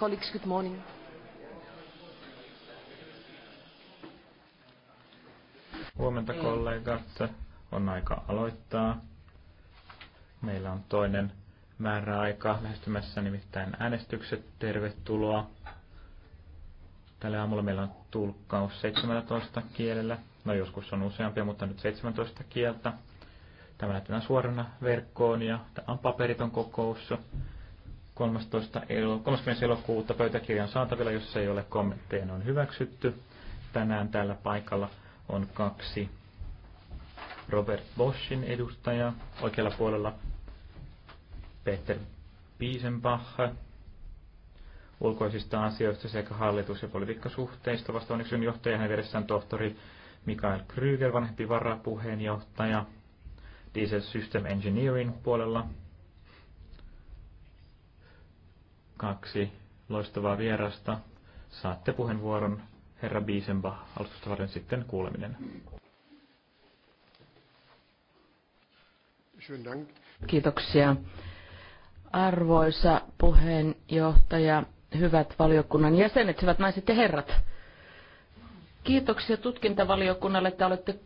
Colleagues, good morning. Huomenta niin. kollegat, on aika aloittaa. Meillä on toinen määräaika lähestymässä nimittäin äänestykset. Tervetuloa. Tällä aamulla meillä on tulkkaus 17 kielellä. No joskus on useampia, mutta nyt 17 kieltä. Tämä näytetään suorana verkkoon ja tämä on paperiton kokous. 13. Elo, 30. elokuuta pöytäkirjan saatavilla, jos ei ole kommentteja, on hyväksytty. Tänään täällä paikalla on kaksi Robert Boschin edustajaa, oikealla puolella Peter Piesenbach ulkoisista asioista sekä hallitus- ja politiikkasuhteista Vastaavan yksilön johtaja, hänen veressään tohtori Mikael Kryger, vanhempi varapuheenjohtaja Diesel System Engineering puolella, kaksi loistavaa vierasta. Saatte puheenvuoron herra Biisenba alustusta varten sitten kuuleminen. Kiitoksia. Arvoisa puheenjohtaja, hyvät valiokunnan jäsenet, hyvät naiset ja herrat. Kiitoksia tutkintavaliokunnalle, että olette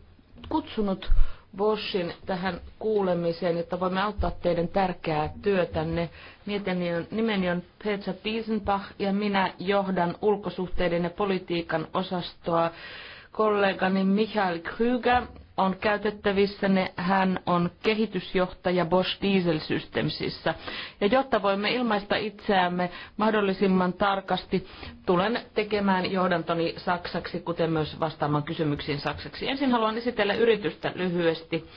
kutsunut Boschin tähän kuulemiseen, jotta voimme auttaa teidän tärkeää työtänne. Mietin, nimeni on Petra Piesenbach ja minä johdan ulkosuhteiden ja politiikan osastoa. Kollegani Michael Krüger on ne, Hän on kehitysjohtaja Bosch Diesel Systemsissä. Ja jotta voimme ilmaista itseämme mahdollisimman tarkasti, tulen tekemään johdantoni saksaksi, kuten myös vastaamaan kysymyksiin saksaksi. Ensin haluan esitellä yritystä lyhyesti.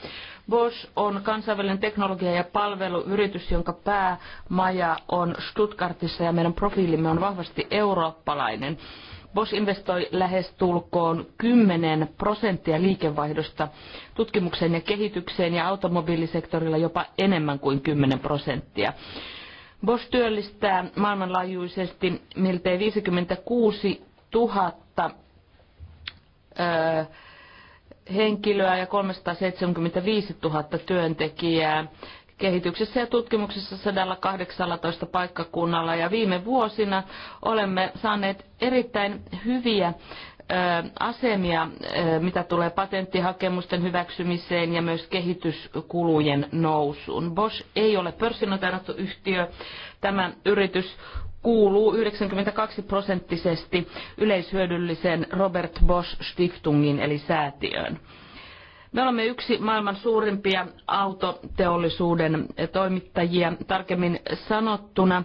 Bosch on kansainvälinen teknologia- ja palveluyritys, jonka päämaja on Stuttgartissa ja meidän profiilimme on vahvasti eurooppalainen. Bosch investoi lähes tulkoon 10 prosenttia liikevaihdosta tutkimukseen ja kehitykseen ja automobiilisektorilla jopa enemmän kuin 10 prosenttia. Bosch työllistää maailmanlaajuisesti miltei 56 000 öö, henkilöä ja 375 000 työntekijää kehityksessä ja tutkimuksessa 118 paikkakunnalla ja viime vuosina olemme saaneet erittäin hyviä asemia, mitä tulee patenttihakemusten hyväksymiseen ja myös kehityskulujen nousuun. Bosch ei ole pörssinoteerattu yhtiö. Tämä yritys kuuluu 92 prosenttisesti yleishyödyllisen Robert Bosch Stiftungin eli säätiöön. Me olemme yksi maailman suurimpia autoteollisuuden toimittajia. Tarkemmin sanottuna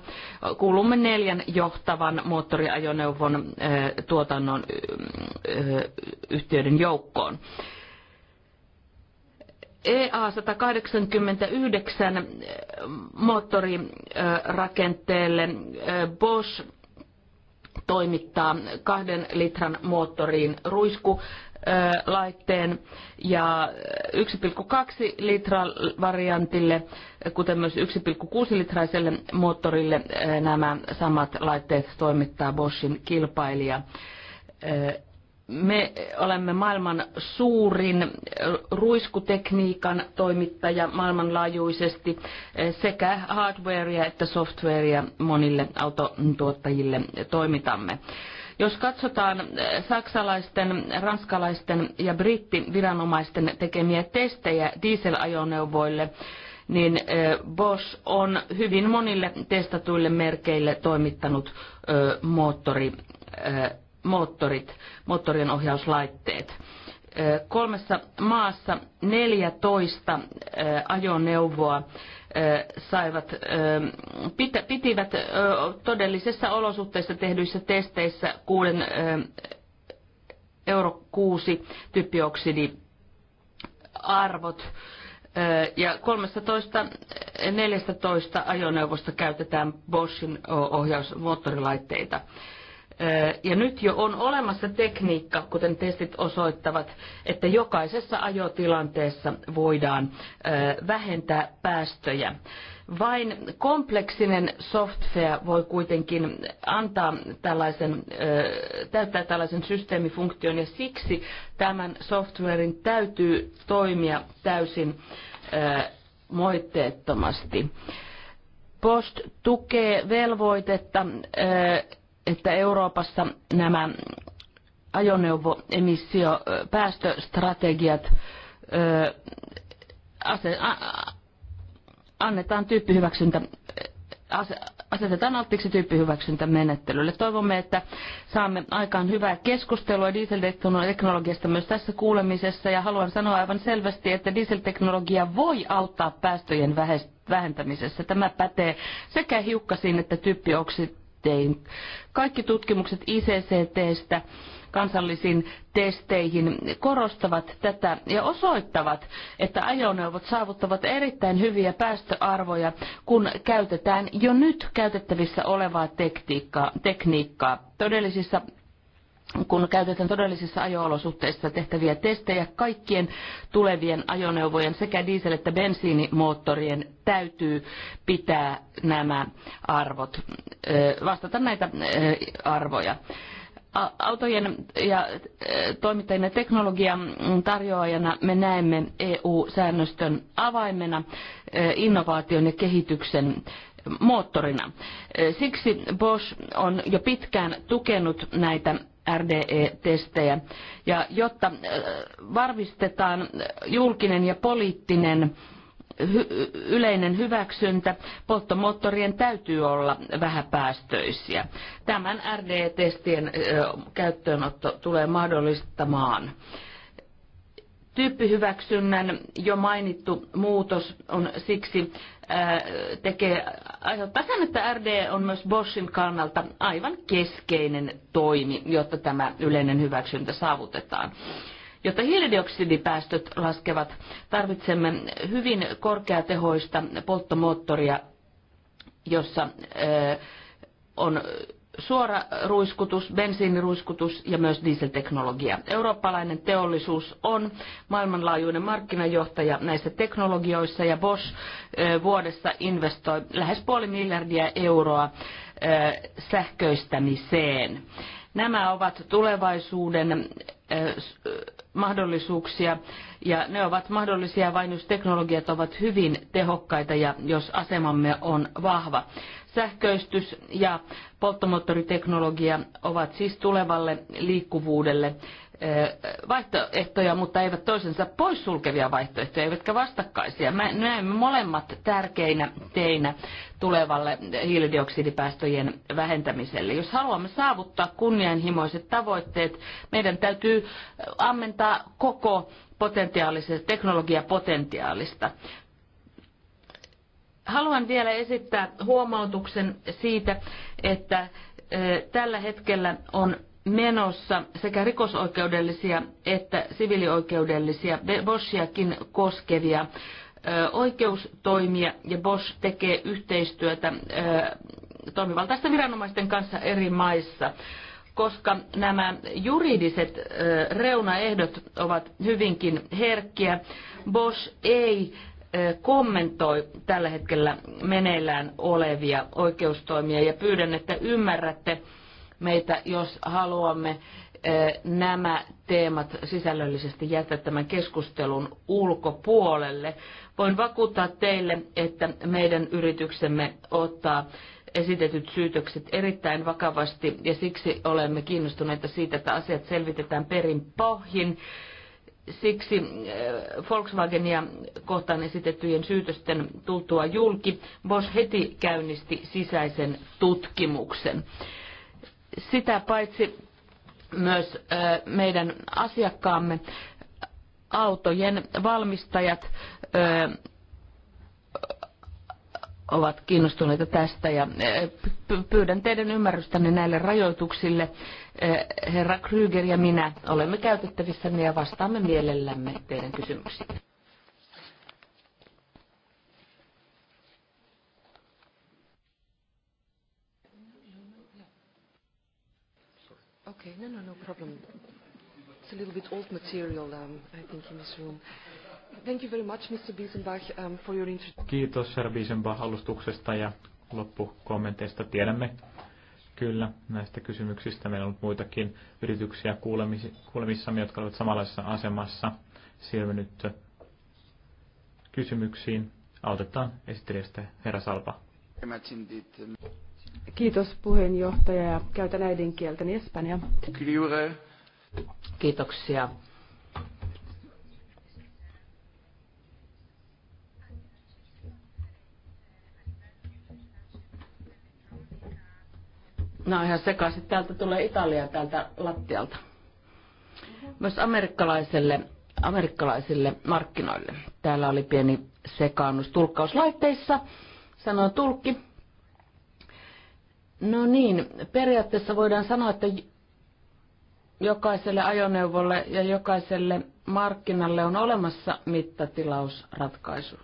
kuulumme neljän johtavan moottoriajoneuvon eh, tuotannon eh, eh, yhtiöiden joukkoon. EA189 moottorirakenteelle Bosch toimittaa kahden litran moottoriin ruisku laitteen ja 1,2 litra variantille, kuten myös 1,6 litraiselle moottorille nämä samat laitteet toimittaa Boschin kilpailija. Me olemme maailman suurin ruiskutekniikan toimittaja maailmanlaajuisesti sekä hardwarea että softwarea monille autotuottajille toimitamme. Jos katsotaan eh, saksalaisten, ranskalaisten ja brittiviranomaisten tekemiä testejä dieselajoneuvoille, niin eh, Bosch on hyvin monille testatuille merkeille toimittanut eh, moottori, moottorit, moottorien ohjauslaitteet. Kolmessa maassa 14 ajoneuvoa saivat, pitivät todellisessa olosuhteissa tehdyissä testeissä 6 euro 6 arvot ja 13-14 ajoneuvosta käytetään Boschin ohjausmoottorilaitteita. Ja nyt jo on olemassa tekniikka, kuten testit osoittavat, että jokaisessa ajotilanteessa voidaan vähentää päästöjä. Vain kompleksinen software voi kuitenkin antaa tällaisen, täyttää tällaisen systeemifunktion ja siksi tämän softwarein täytyy toimia täysin moitteettomasti. Post tukee velvoitetta että Euroopassa nämä ajoneuvoemissio päästöstrategiat ase, a, annetaan tyyppihyväksyntä ase, asetetaan alttiiksi tyyppihyväksyntämenettelylle. Toivomme, että saamme aikaan hyvää keskustelua dieselteknologiasta myös tässä kuulemisessa ja haluan sanoa aivan selvästi, että dieselteknologia voi auttaa päästöjen vähentämisessä. Tämä pätee sekä hiukkasiin että typpioksi testein. Kaikki tutkimukset ICCTstä kansallisiin testeihin korostavat tätä ja osoittavat, että ajoneuvot saavuttavat erittäin hyviä päästöarvoja, kun käytetään jo nyt käytettävissä olevaa tekniikkaa. tekniikkaa. Todellisissa kun käytetään todellisissa ajo-olosuhteissa tehtäviä testejä, kaikkien tulevien ajoneuvojen sekä diesel- että bensiinimoottorien täytyy pitää nämä arvot, vastata näitä arvoja autojen ja toimittajien teknologian tarjoajana me näemme EU-säännöstön avaimena innovaation ja kehityksen moottorina. Siksi Bosch on jo pitkään tukenut näitä RDE-testejä. Ja jotta äh, varmistetaan julkinen ja poliittinen yleinen hyväksyntä, polttomoottorien täytyy olla vähäpäästöisiä. Tämän RDE-testien äh, käyttöönotto tulee mahdollistamaan Tyyppihyväksynnän jo mainittu muutos on siksi tekee, aiheuttaa sen, että RD on myös Boschin kannalta aivan keskeinen toimi, jotta tämä yleinen hyväksyntä saavutetaan. Jotta hiilidioksidipäästöt laskevat, tarvitsemme hyvin korkeatehoista polttomoottoria, jossa on suora ruiskutus, bensiiniruiskutus ja myös dieselteknologia. Eurooppalainen teollisuus on maailmanlaajuinen markkinajohtaja näissä teknologioissa ja Bosch vuodessa investoi lähes puoli miljardia euroa sähköistämiseen. Nämä ovat tulevaisuuden mahdollisuuksia ja ne ovat mahdollisia vain jos teknologiat ovat hyvin tehokkaita ja jos asemamme on vahva. Sähköistys ja polttomoottoriteknologia ovat siis tulevalle liikkuvuudelle eh, vaihtoehtoja, mutta eivät toisensa poissulkevia vaihtoehtoja, eivätkä vastakkaisia. Mä näemme molemmat tärkeinä teinä tulevalle hiilidioksidipäästöjen vähentämiselle. Jos haluamme saavuttaa kunnianhimoiset tavoitteet, meidän täytyy ammentaa koko teknologiapotentiaalista. Haluan vielä esittää huomautuksen siitä, että tällä hetkellä on menossa sekä rikosoikeudellisia että siviilioikeudellisia Boschiakin koskevia oikeustoimia ja Bosch tekee yhteistyötä toimivaltaisten viranomaisten kanssa eri maissa, koska nämä juridiset reunaehdot ovat hyvinkin herkkiä. Bosch ei kommentoi tällä hetkellä meneillään olevia oikeustoimia ja pyydän, että ymmärrätte meitä, jos haluamme nämä teemat sisällöllisesti jättää tämän keskustelun ulkopuolelle. Voin vakuuttaa teille, että meidän yrityksemme ottaa esitetyt syytökset erittäin vakavasti ja siksi olemme kiinnostuneita siitä, että asiat selvitetään perin pohjin Siksi äh, Volkswagenia kohtaan esitettyjen syytösten tultua julki, Bosch heti käynnisti sisäisen tutkimuksen. Sitä paitsi myös äh, meidän asiakkaamme autojen valmistajat äh, ovat kiinnostuneita tästä ja pyydän teidän ymmärrystänne näille rajoituksille Eh, herra Kryger ja minä olemme käytettävissänne ja vastaamme mielellämme teidän kysymyksiin. Okay, no, no, no problem. It's a little bit old material, um, I think, in this room. Thank you very much, Mr. Biesenbach, um, for your introduction. Kiitos, herra Biesenbach, alustuksesta ja loppukommenteista. Tiedämme, kyllä näistä kysymyksistä. Meillä on ollut muitakin yrityksiä kuulemissamme, jotka ovat samanlaisessa asemassa. Siirrymme nyt kysymyksiin. Autetaan esittelijästä herra Salpa. Kiitos puheenjohtaja ja käytän äidinkieltäni Espanja. Kiitoksia Nämä on ihan sekaisin. Täältä tulee Italia täältä lattialta. Myös amerikkalaisille amerikkalaisille markkinoille. Täällä oli pieni sekaannus tulkkauslaitteissa, sanoo tulkki. No niin, periaatteessa voidaan sanoa, että jokaiselle ajoneuvolle ja jokaiselle markkinalle on olemassa mittatilausratkaisu.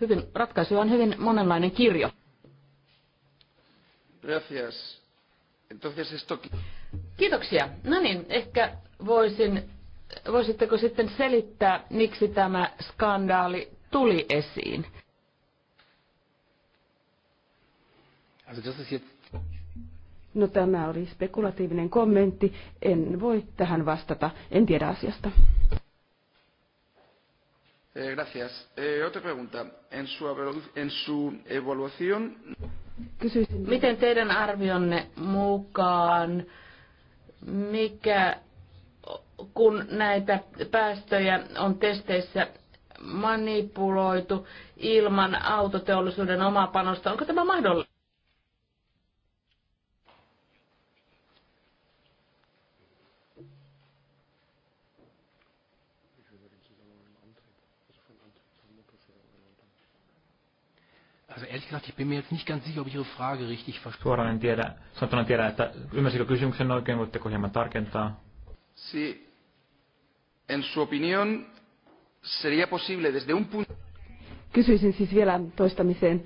Hyvin, ratkaisu on hyvin monenlainen kirjo. Gracias. Entonces esto... Kiitoksia. No niin, ehkä voisin, voisitteko sitten selittää, miksi tämä skandaali tuli esiin? No tämä oli spekulatiivinen kommentti. En voi tähän vastata. En tiedä asiasta. Eh, gracias. Eh, otra pregunta. En su, en su evaluación... Kysyisin... Miten teidän arvionne mukaan, mikä kun näitä päästöjä on testeissä manipuloitu ilman autoteollisuuden omaa panosta, onko tämä mahdollista? Also ehrlich gesagt, ich bin mir jetzt nicht ganz sicher, ob ich Ihre Frage richtig verstehe. kysymyksen voitteko Kysyisin siis vielä toistamiseen.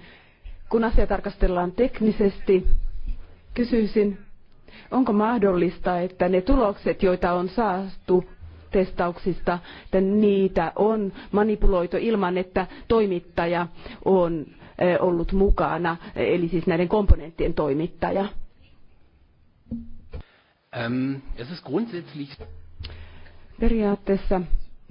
Kun asia tarkastellaan teknisesti, kysyisin, onko mahdollista, että ne tulokset, joita on saatu testauksista, että niitä on manipuloitu ilman, että toimittaja on ollut mukana, eli siis näiden komponenttien toimittaja? Ähm, Periaatteessa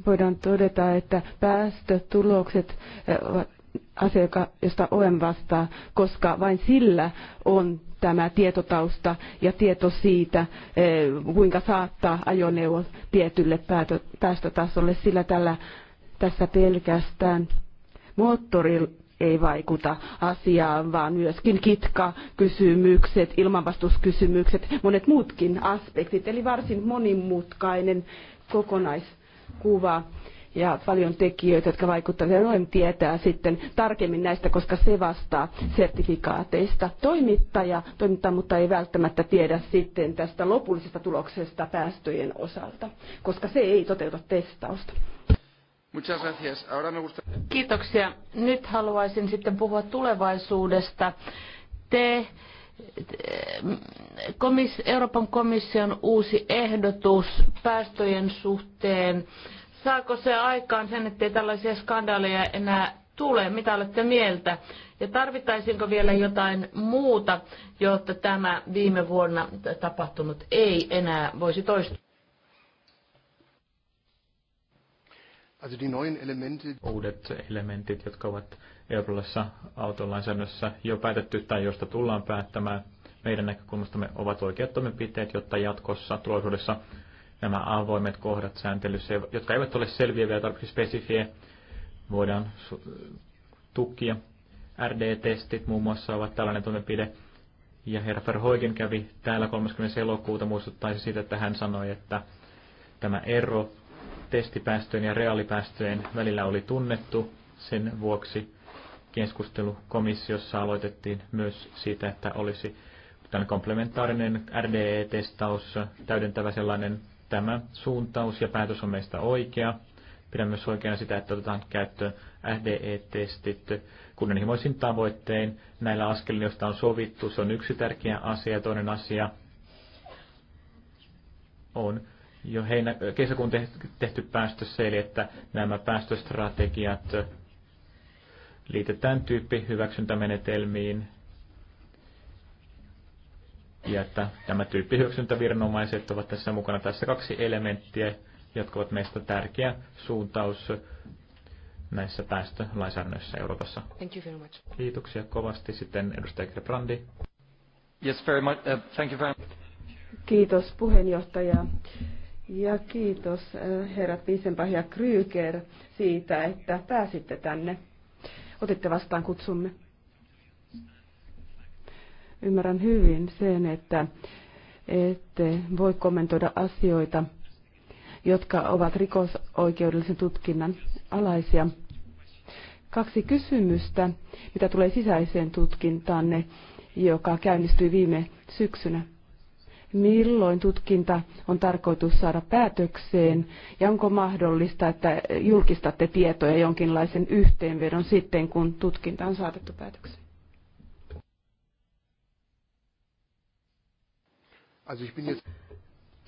voidaan todeta, että päästötulokset ovat asia, josta OM vastaa, koska vain sillä on tämä tietotausta ja tieto siitä, kuinka saattaa ajoneuvo tietylle päästötasolle, sillä tällä, tässä pelkästään moottorilla ei vaikuta asiaan, vaan myöskin kitka-kysymykset, ilmanvastuskysymykset, monet muutkin aspektit. Eli varsin monimutkainen kokonaiskuva ja paljon tekijöitä, jotka vaikuttavat. Ja noin tietää sitten tarkemmin näistä, koska se vastaa sertifikaateista. Toimittaja toimittaa, mutta ei välttämättä tiedä sitten tästä lopullisesta tuloksesta päästöjen osalta, koska se ei toteuta testausta. Muchas gracias. Ahora me gusta... Kiitoksia. Nyt haluaisin sitten puhua tulevaisuudesta. Te komis, Euroopan komission uusi ehdotus päästöjen suhteen. Saako se aikaan sen, ettei tällaisia skandaaleja enää tule? Mitä olette mieltä? Ja tarvittaisinko vielä jotain muuta, jotta tämä viime vuonna tapahtunut ei enää voisi toistua? also die neuen Elemente. Uudet elementit, jotka ovat Euroopassa autolainsäädännössä jo päätetty tai josta tullaan päättämään, meidän näkökulmastamme ovat oikeat toimenpiteet, jotta jatkossa tulevaisuudessa nämä avoimet kohdat sääntelyssä, jotka eivät ole selviä vielä tarpeeksi spesifiä, voidaan tukia. RD-testit muun muassa ovat tällainen toimenpide. Ja herra Verhoigen kävi täällä 30. elokuuta muistuttaisi siitä, että hän sanoi, että tämä ero testipäästöjen ja reaalipäästöjen välillä oli tunnettu. Sen vuoksi keskustelu komissiossa aloitettiin myös siitä, että olisi tämän komplementaarinen RDE-testaus, täydentävä sellainen tämä suuntaus ja päätös on meistä oikea. Pidän myös oikeana sitä, että otetaan käyttöön RDE-testit kunnianhimoisin tavoittein. Näillä askelilla, joista on sovittu, se on yksi tärkeä asia. Toinen asia on jo heinä, kesäkuun tehty päästössä, eli että nämä päästöstrategiat liitetään tyyppi hyväksyntämenetelmiin ja että tämä tyyppi hyväksyntäviranomaiset ovat tässä mukana. Tässä kaksi elementtiä, jotka ovat meistä tärkeä suuntaus näissä päästölainsäädännöissä Euroopassa. Thank you very much. Kiitoksia kovasti. Sitten edustaja Grebrandi. Yes, very much. Uh, thank you very much. Kiitos puheenjohtaja. Ja kiitos eh, herra Piisenpah ja Kryger siitä, että pääsitte tänne. Otitte vastaan kutsumme. Ymmärrän hyvin sen, että ette voi kommentoida asioita, jotka ovat rikosoikeudellisen tutkinnan alaisia. Kaksi kysymystä, mitä tulee sisäiseen tutkintaanne, joka käynnistyi viime syksynä milloin tutkinta on tarkoitus saada päätökseen ja onko mahdollista, että julkistatte tietoja jonkinlaisen yhteenvedon sitten, kun tutkinta on saatettu päätökseen?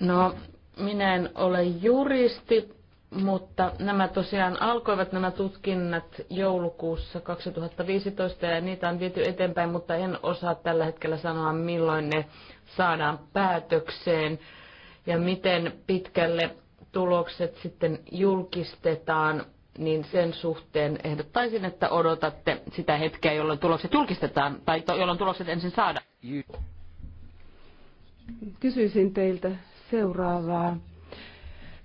No, minä en ole juristi, mutta nämä tosiaan alkoivat nämä tutkinnat joulukuussa 2015 ja niitä on viety eteenpäin, mutta en osaa tällä hetkellä sanoa milloin ne saadaan päätökseen ja miten pitkälle tulokset sitten julkistetaan, niin sen suhteen ehdottaisin, että odotatte sitä hetkeä, jolloin tulokset julkistetaan tai to, jolloin tulokset ensin saadaan. Kysyisin teiltä seuraavaa.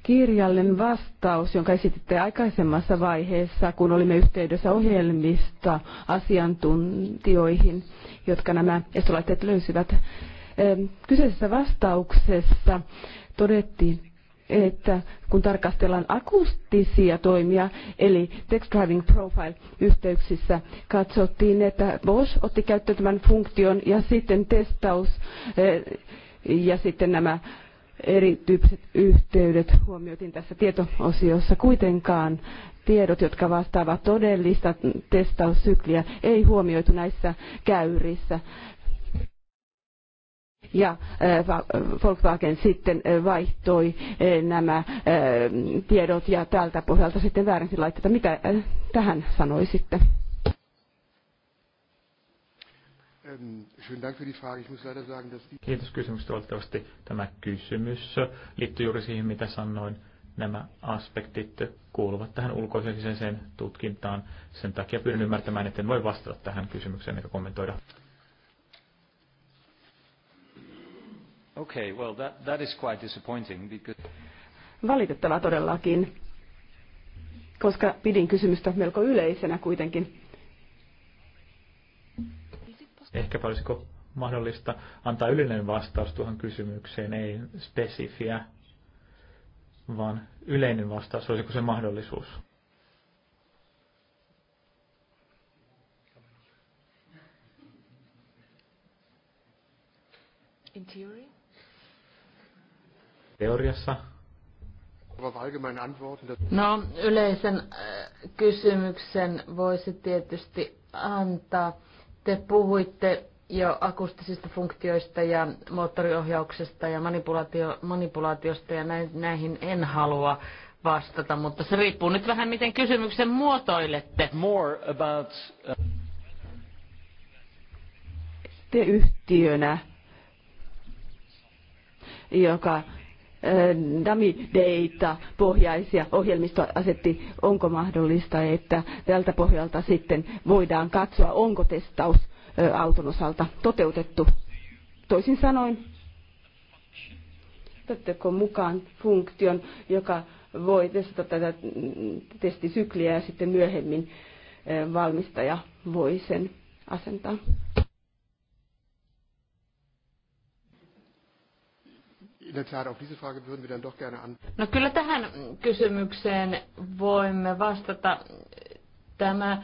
Kirjallinen vastaus, jonka esititte aikaisemmassa vaiheessa, kun olimme yhteydessä ohjelmista asiantuntijoihin, jotka nämä estolaitteet löysivät Kyseisessä vastauksessa todettiin, että kun tarkastellaan akustisia toimia, eli text driving profile-yhteyksissä, katsottiin, että Bosch otti käyttöön tämän funktion ja sitten testaus e, ja sitten nämä erityyppiset yhteydet huomioitiin tässä tietoosiossa. Kuitenkaan tiedot, jotka vastaavat todellista testaussykliä, ei huomioitu näissä käyrissä ja Volkswagen sitten vaihtoi nämä tiedot ja tältä pohjalta sitten väärensi laitteita. Mitä tähän sanoisitte? Ähm, Kiitos kysymyksestä. Valitettavasti tämä kysymys liittyy juuri siihen, mitä sanoin. Nämä aspektit kuuluvat tähän ulkoiseen sen tutkintaan. Sen takia pyrin ymmärtämään, että en voi vastata tähän kysymykseen eikä kommentoida. Okay, well that, that is quite disappointing because... Valitettava todellakin, koska pidin kysymystä melko yleisenä kuitenkin. Ehkä olisiko mahdollista antaa yleinen vastaus tuohon kysymykseen, ei spesifiä, vaan yleinen vastaus, olisiko se mahdollisuus? In theory? teoriassa? No, yleisen äh, kysymyksen voisi tietysti antaa. Te puhuitte jo akustisista funktioista ja moottoriohjauksesta ja manipulaatio, manipulaatiosta ja näihin en halua vastata, mutta se riippuu nyt vähän miten kysymyksen muotoilette. More about, uh... Te yhtiönä, joka dummy data pohjaisia asetti onko mahdollista, että tältä pohjalta sitten voidaan katsoa, onko testaus auton osalta toteutettu. Toisin sanoen, otatteko mukaan funktion, joka voi testata tätä testisykliä ja sitten myöhemmin valmistaja voi sen asentaa. No kyllä tähän kysymykseen voimme vastata. Tämä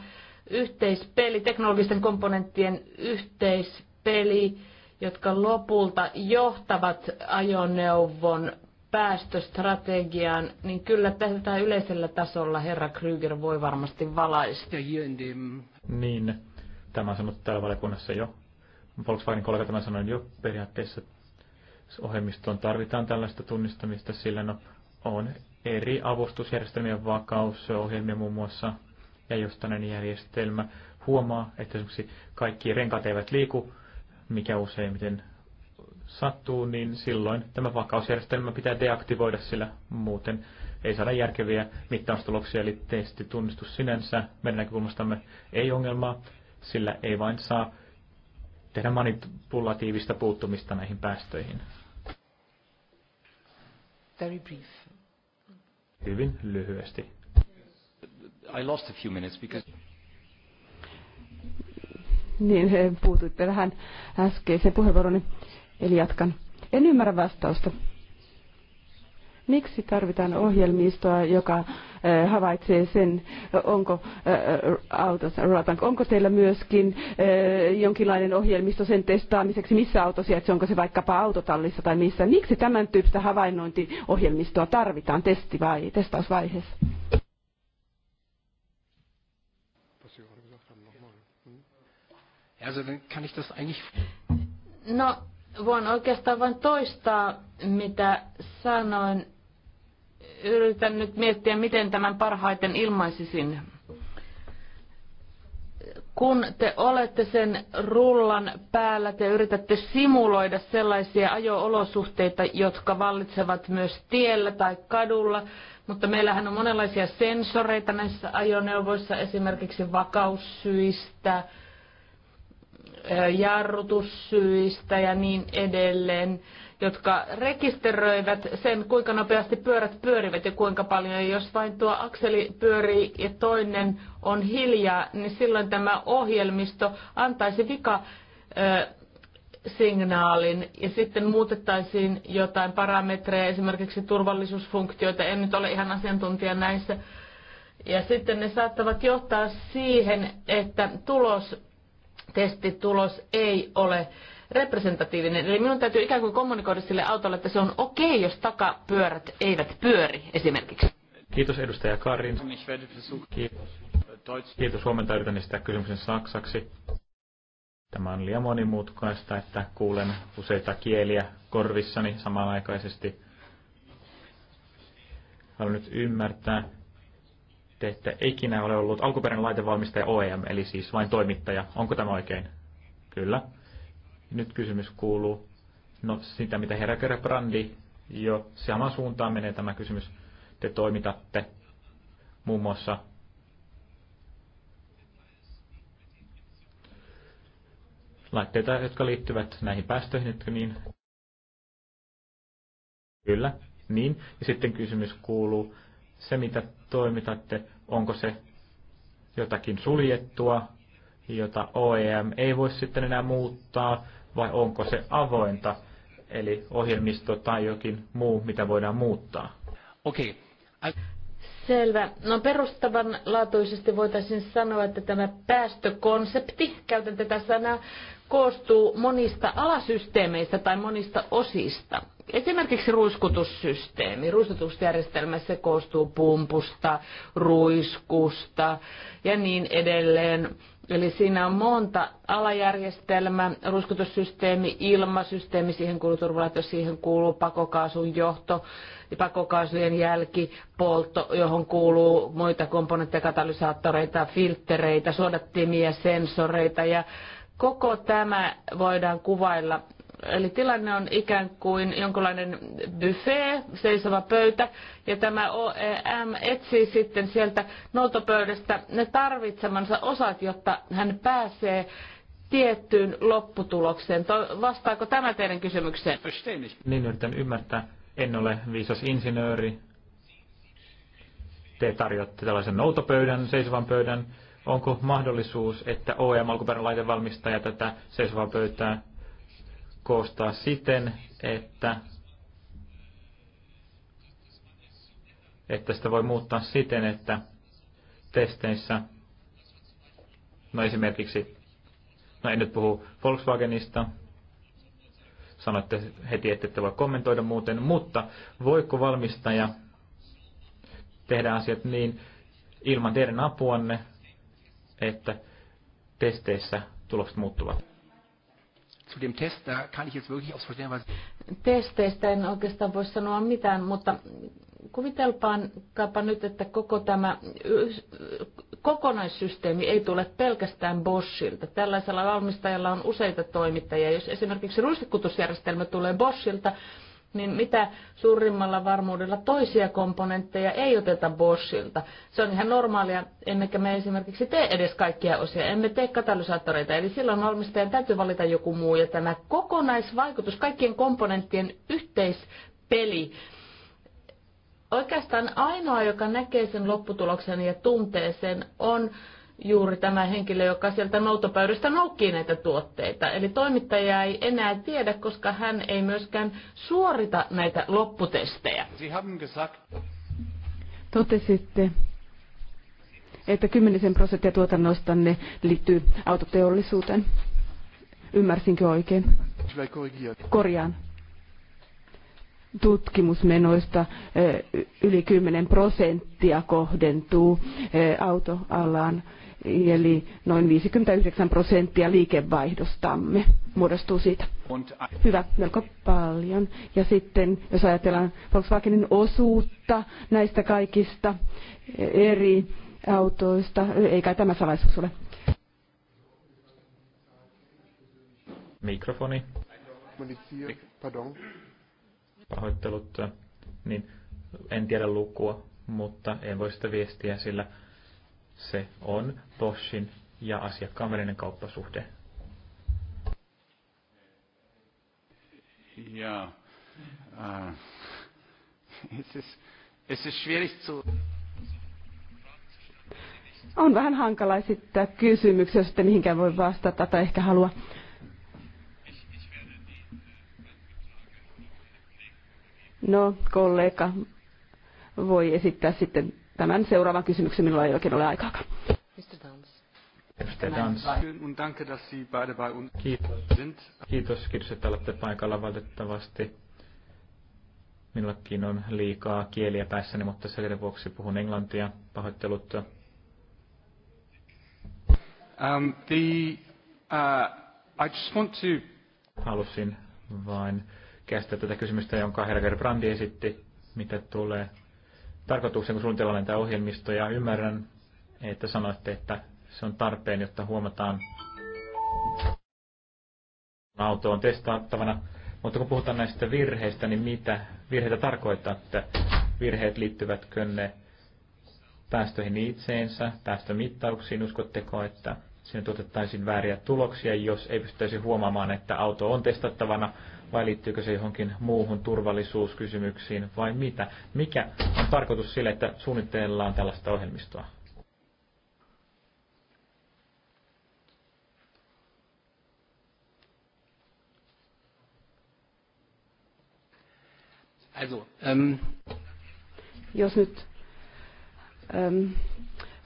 yhteispeli, teknologisten komponenttien yhteispeli, jotka lopulta johtavat ajoneuvon päästöstrategiaan, niin kyllä tätä yleisellä tasolla herra Kryger voi varmasti valaista. Niin, tämä on sanottu täällä valiokunnassa jo. Volkswagen kollega tämän sanoi jo periaatteessa ohjelmistoon tarvitaan tällaista tunnistamista, sillä no, on eri avustusjärjestelmien vakausohjelmia muun muassa, ja jos tällainen järjestelmä huomaa, että esimerkiksi kaikki renkaat eivät liiku, mikä useimmiten sattuu, niin silloin tämä vakausjärjestelmä pitää deaktivoida, sillä muuten ei saada järkeviä mittaustuloksia, eli testitunnistus sinänsä meidän näkökulmastamme ei ongelmaa, sillä ei vain saa tehdä manipulatiivista puuttumista näihin päästöihin. Very brief. Hyvin lyhyesti. I lost a few minutes because... Niin, eh, puutuitte vähän äskeiseen puheenvuoroni, eli jatkan. En ymmärrä vastausta. Miksi tarvitaan ohjelmistoa, joka havaitsee sen, onko autossa Ratank. Onko teillä myöskin jonkinlainen ohjelmisto sen testaamiseksi, missä autossa, että onko se vaikkapa autotallissa tai missä? Miksi tämän tyyppistä havainnointiohjelmistoa tarvitaan testi- vai testausvaiheessa? No, voin oikeastaan vain toistaa, mitä sanoin yritän nyt miettiä, miten tämän parhaiten ilmaisisin. Kun te olette sen rullan päällä, te yritätte simuloida sellaisia ajo-olosuhteita, jotka vallitsevat myös tiellä tai kadulla, mutta meillähän on monenlaisia sensoreita näissä ajoneuvoissa, esimerkiksi vakaussyistä, jarrutussyistä ja niin edelleen jotka rekisteröivät sen, kuinka nopeasti pyörät pyörivät ja kuinka paljon. Ja jos vain tuo akseli pyörii ja toinen on hiljaa, niin silloin tämä ohjelmisto antaisi vika signaalin ja sitten muutettaisiin jotain parametreja, esimerkiksi turvallisuusfunktioita. En nyt ole ihan asiantuntija näissä. Ja sitten ne saattavat johtaa siihen, että tulos, testitulos ei ole representatiivinen. Eli minun täytyy ikään kuin kommunikoida sille autolle, että se on okei, okay, jos takapyörät eivät pyöri esimerkiksi. Kiitos edustaja Karin. Kiitos. Kiitos. Huomenta yritän sitä kysymyksen saksaksi. Tämä on liian monimutkaista, että kuulen useita kieliä korvissani samanaikaisesti. Haluan nyt ymmärtää, te ette ikinä ole ollut alkuperäinen laitevalmistaja OEM, eli siis vain toimittaja. Onko tämä oikein? Kyllä. Nyt kysymys kuuluu, no sitä mitä herra Brandi jo samaan suuntaan menee tämä kysymys. Te toimitatte muun muassa laitteita, jotka liittyvät näihin päästöihin, jotka niin? Kyllä, niin. Ja sitten kysymys kuuluu, se mitä toimitatte, onko se jotakin suljettua, jota OEM ei voi sitten enää muuttaa, vai onko se avointa, eli ohjelmisto tai jokin muu, mitä voidaan muuttaa? Okei. Okay. Selvä. No perustavanlaatuisesti voitaisiin sanoa, että tämä päästökonsepti, käytän tätä sanaa, koostuu monista alasysteemeistä tai monista osista. Esimerkiksi ruiskutussysteemi. Ruiskutusjärjestelmä se koostuu pumpusta, ruiskusta ja niin edelleen. Eli siinä on monta alajärjestelmää, ruskutussysteemi, ilmasysteemi, siihen kuuluu turvalaitos, siihen kuuluu pakokaasun johto, pakokaasujen jälki, poltto, johon kuuluu muita komponentteja, katalysaattoreita, filtreitä, suodattimia, sensoreita ja koko tämä voidaan kuvailla Eli tilanne on ikään kuin jonkinlainen buffet, seisova pöytä, ja tämä OEM etsii sitten sieltä noutopöydästä ne tarvitsemansa osat, jotta hän pääsee tiettyyn lopputulokseen. vastaako tämä teidän kysymykseen? Niin yritän ymmärtää. En ole viisas insinööri. Te tarjotte tällaisen noutopöydän, seisovan pöydän. Onko mahdollisuus, että OEM alkuperäinen laitevalmistaja tätä seisovaa pöytää koostaa siten, että, että sitä voi muuttaa siten, että testeissä, no esimerkiksi, no en nyt puhu Volkswagenista, sanoitte heti, että ette voi kommentoida muuten, mutta voiko valmistaja tehdä asiat niin ilman teidän apuanne, että testeissä tulokset muuttuvat? zu dem Test, da kann ich jetzt wirklich aus was... Testeistä en oikeastaan voi sanoa mitään, mutta kuvitelpaankaapa nyt, että koko tämä kokonaissysteemi ei tule pelkästään Boschilta. Tällaisella valmistajalla on useita toimittajia. Jos esimerkiksi ruistikutusjärjestelmä tulee Boschilta, niin mitä suurimmalla varmuudella toisia komponentteja ei oteta Boschilta. Se on ihan normaalia, emmekä me esimerkiksi tee edes kaikkia osia, emme tee katalysaattoreita, eli silloin valmistajan täytyy valita joku muu, ja tämä kokonaisvaikutus, kaikkien komponenttien yhteispeli, oikeastaan ainoa, joka näkee sen lopputuloksen ja tuntee sen, on juuri tämä henkilö, joka sieltä noutopöydästä noukkii näitä tuotteita. Eli toimittaja ei enää tiedä, koska hän ei myöskään suorita näitä lopputestejä. Totesitte, että kymmenisen prosenttia tuotannostanne liittyy autoteollisuuteen. Ymmärsinkö oikein? Korjaan. Tutkimusmenoista eh, yli 10 prosenttia kohdentuu eh, autoalaan eli noin 59 prosenttia liikevaihdostamme muodostuu siitä. Hyvä, melko paljon. Ja sitten jos ajatellaan Volkswagenin osuutta näistä kaikista eri autoista, eikä tämä salaisuus ole. Mikrofoni. Pahoittelut. Niin, en tiedä lukua, mutta en voi sitä viestiä, sillä se on Toshin ja asiakkaan välinen kauppasuhde. Ja, äh, es ist, es ist On vähän hankala esittää kysymyksiä, jos mihinkään voi vastata tai ehkä halua. No, kollega voi esittää sitten tämän seuraavan kysymyksen minulla ei oikein ole aikaakaan. Kiitos. Kiitos, kiitos, että olette paikalla valitettavasti. Minullakin on liikaa kieliä päässäni, mutta sen vuoksi puhun englantia. Pahoittelut. Um, the, uh, I just want to... Halusin vain käsittää tätä kysymystä, jonka Herger Brandi esitti, mitä tulee tarkoituksen, kun suunnitellaan näitä ohjelmistoja. Ymmärrän, että sanoitte, että se on tarpeen, jotta huomataan auto on testaattavana. Mutta kun puhutaan näistä virheistä, niin mitä virheitä tarkoittaa, että virheet liittyvätkö ne päästöihin itseensä, päästömittauksiin, uskotteko, että siinä tuotettaisiin vääriä tuloksia, jos ei pystyisi huomaamaan, että auto on testattavana, vai liittyykö se johonkin muuhun turvallisuuskysymyksiin vai mitä? Mikä on tarkoitus sille, että suunnitellaan tällaista ohjelmistoa? Also, ähm. Um, Jos nyt ähm,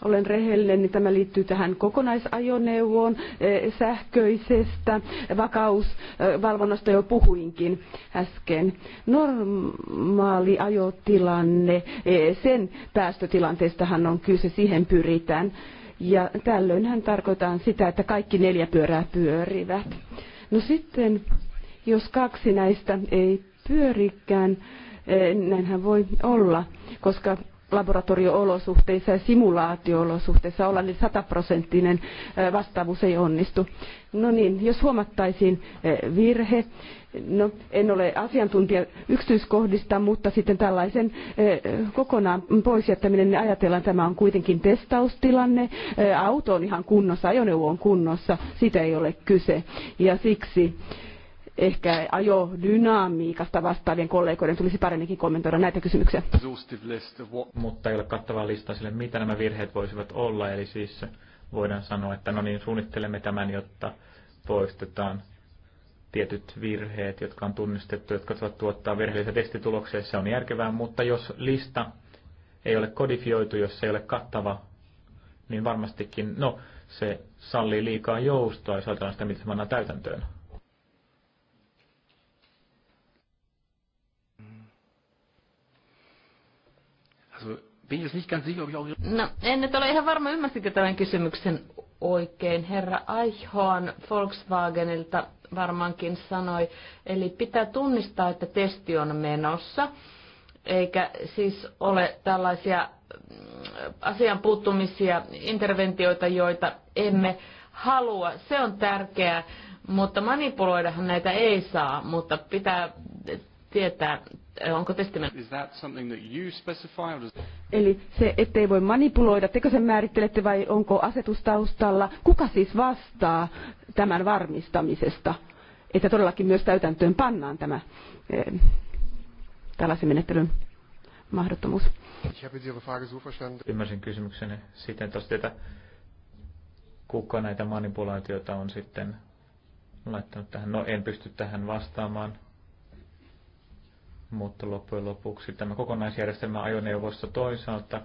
olen rehellinen, niin tämä liittyy tähän kokonaisajoneuvoon eh, sähköisestä vakausvalvonnasta jo puhuinkin äsken. Normaali ajotilanne, eh, sen päästötilanteestahan on kyse, siihen pyritään. Ja tällöinhän tarkoitan sitä, että kaikki neljä pyörää pyörivät. No sitten, jos kaksi näistä ei pyörikään, eh, näinhän voi olla, koska laboratorioolosuhteissa ja simulaatioolosuhteissa olla, niin sataprosenttinen vastaavuus ei onnistu. No niin, jos huomattaisiin virhe, no en ole asiantuntija yksityiskohdista, mutta sitten tällaisen kokonaan pois jättäminen, niin ajatellaan, että tämä on kuitenkin testaustilanne, auto on ihan kunnossa, ajoneuvo on kunnossa, siitä ei ole kyse. Ja siksi ehkä ajodynamiikasta vastaavien kollegoiden tulisi paremminkin kommentoida näitä kysymyksiä. Mutta ei ole kattavaa listaa sille, mitä nämä virheet voisivat olla. Eli siis voidaan sanoa, että no niin, suunnittelemme tämän, jotta poistetaan tietyt virheet, jotka on tunnistettu, jotka saavat tuottaa virheellisiä testituloksia, se on järkevää, mutta jos lista ei ole kodifioitu, jos se ei ole kattava, niin varmastikin, no, se sallii liikaa joustoa, jos ajatellaan sitä, mitä se täytäntöön. Also, bin jetzt nicht ganz sicher, ob ich auch... No, en nyt ole ihan varma, ymmärsikö tämän kysymyksen oikein. Herra Aichhorn Volkswagenilta varmaankin sanoi, eli pitää tunnistaa, että testi on menossa, eikä siis ole tällaisia mm, asian puuttumisia, interventioita, joita emme halua. Se on tärkeää, mutta manipuloidahan näitä ei saa, mutta pitää tietää, onko testimäärä. Eli se, ettei voi manipuloida, tekö sen määrittelette vai onko asetus taustalla? Kuka siis vastaa tämän varmistamisesta, että todellakin myös täytäntöön pannaan tämä tällaisen menettelyn mahdottomuus? Ymmärsin kysymyksen siten että kuka näitä manipulaatioita on sitten laittanut tähän. No en pysty tähän vastaamaan mutta loppujen lopuksi tämä kokonaisjärjestelmä ajoneuvoissa toisaalta,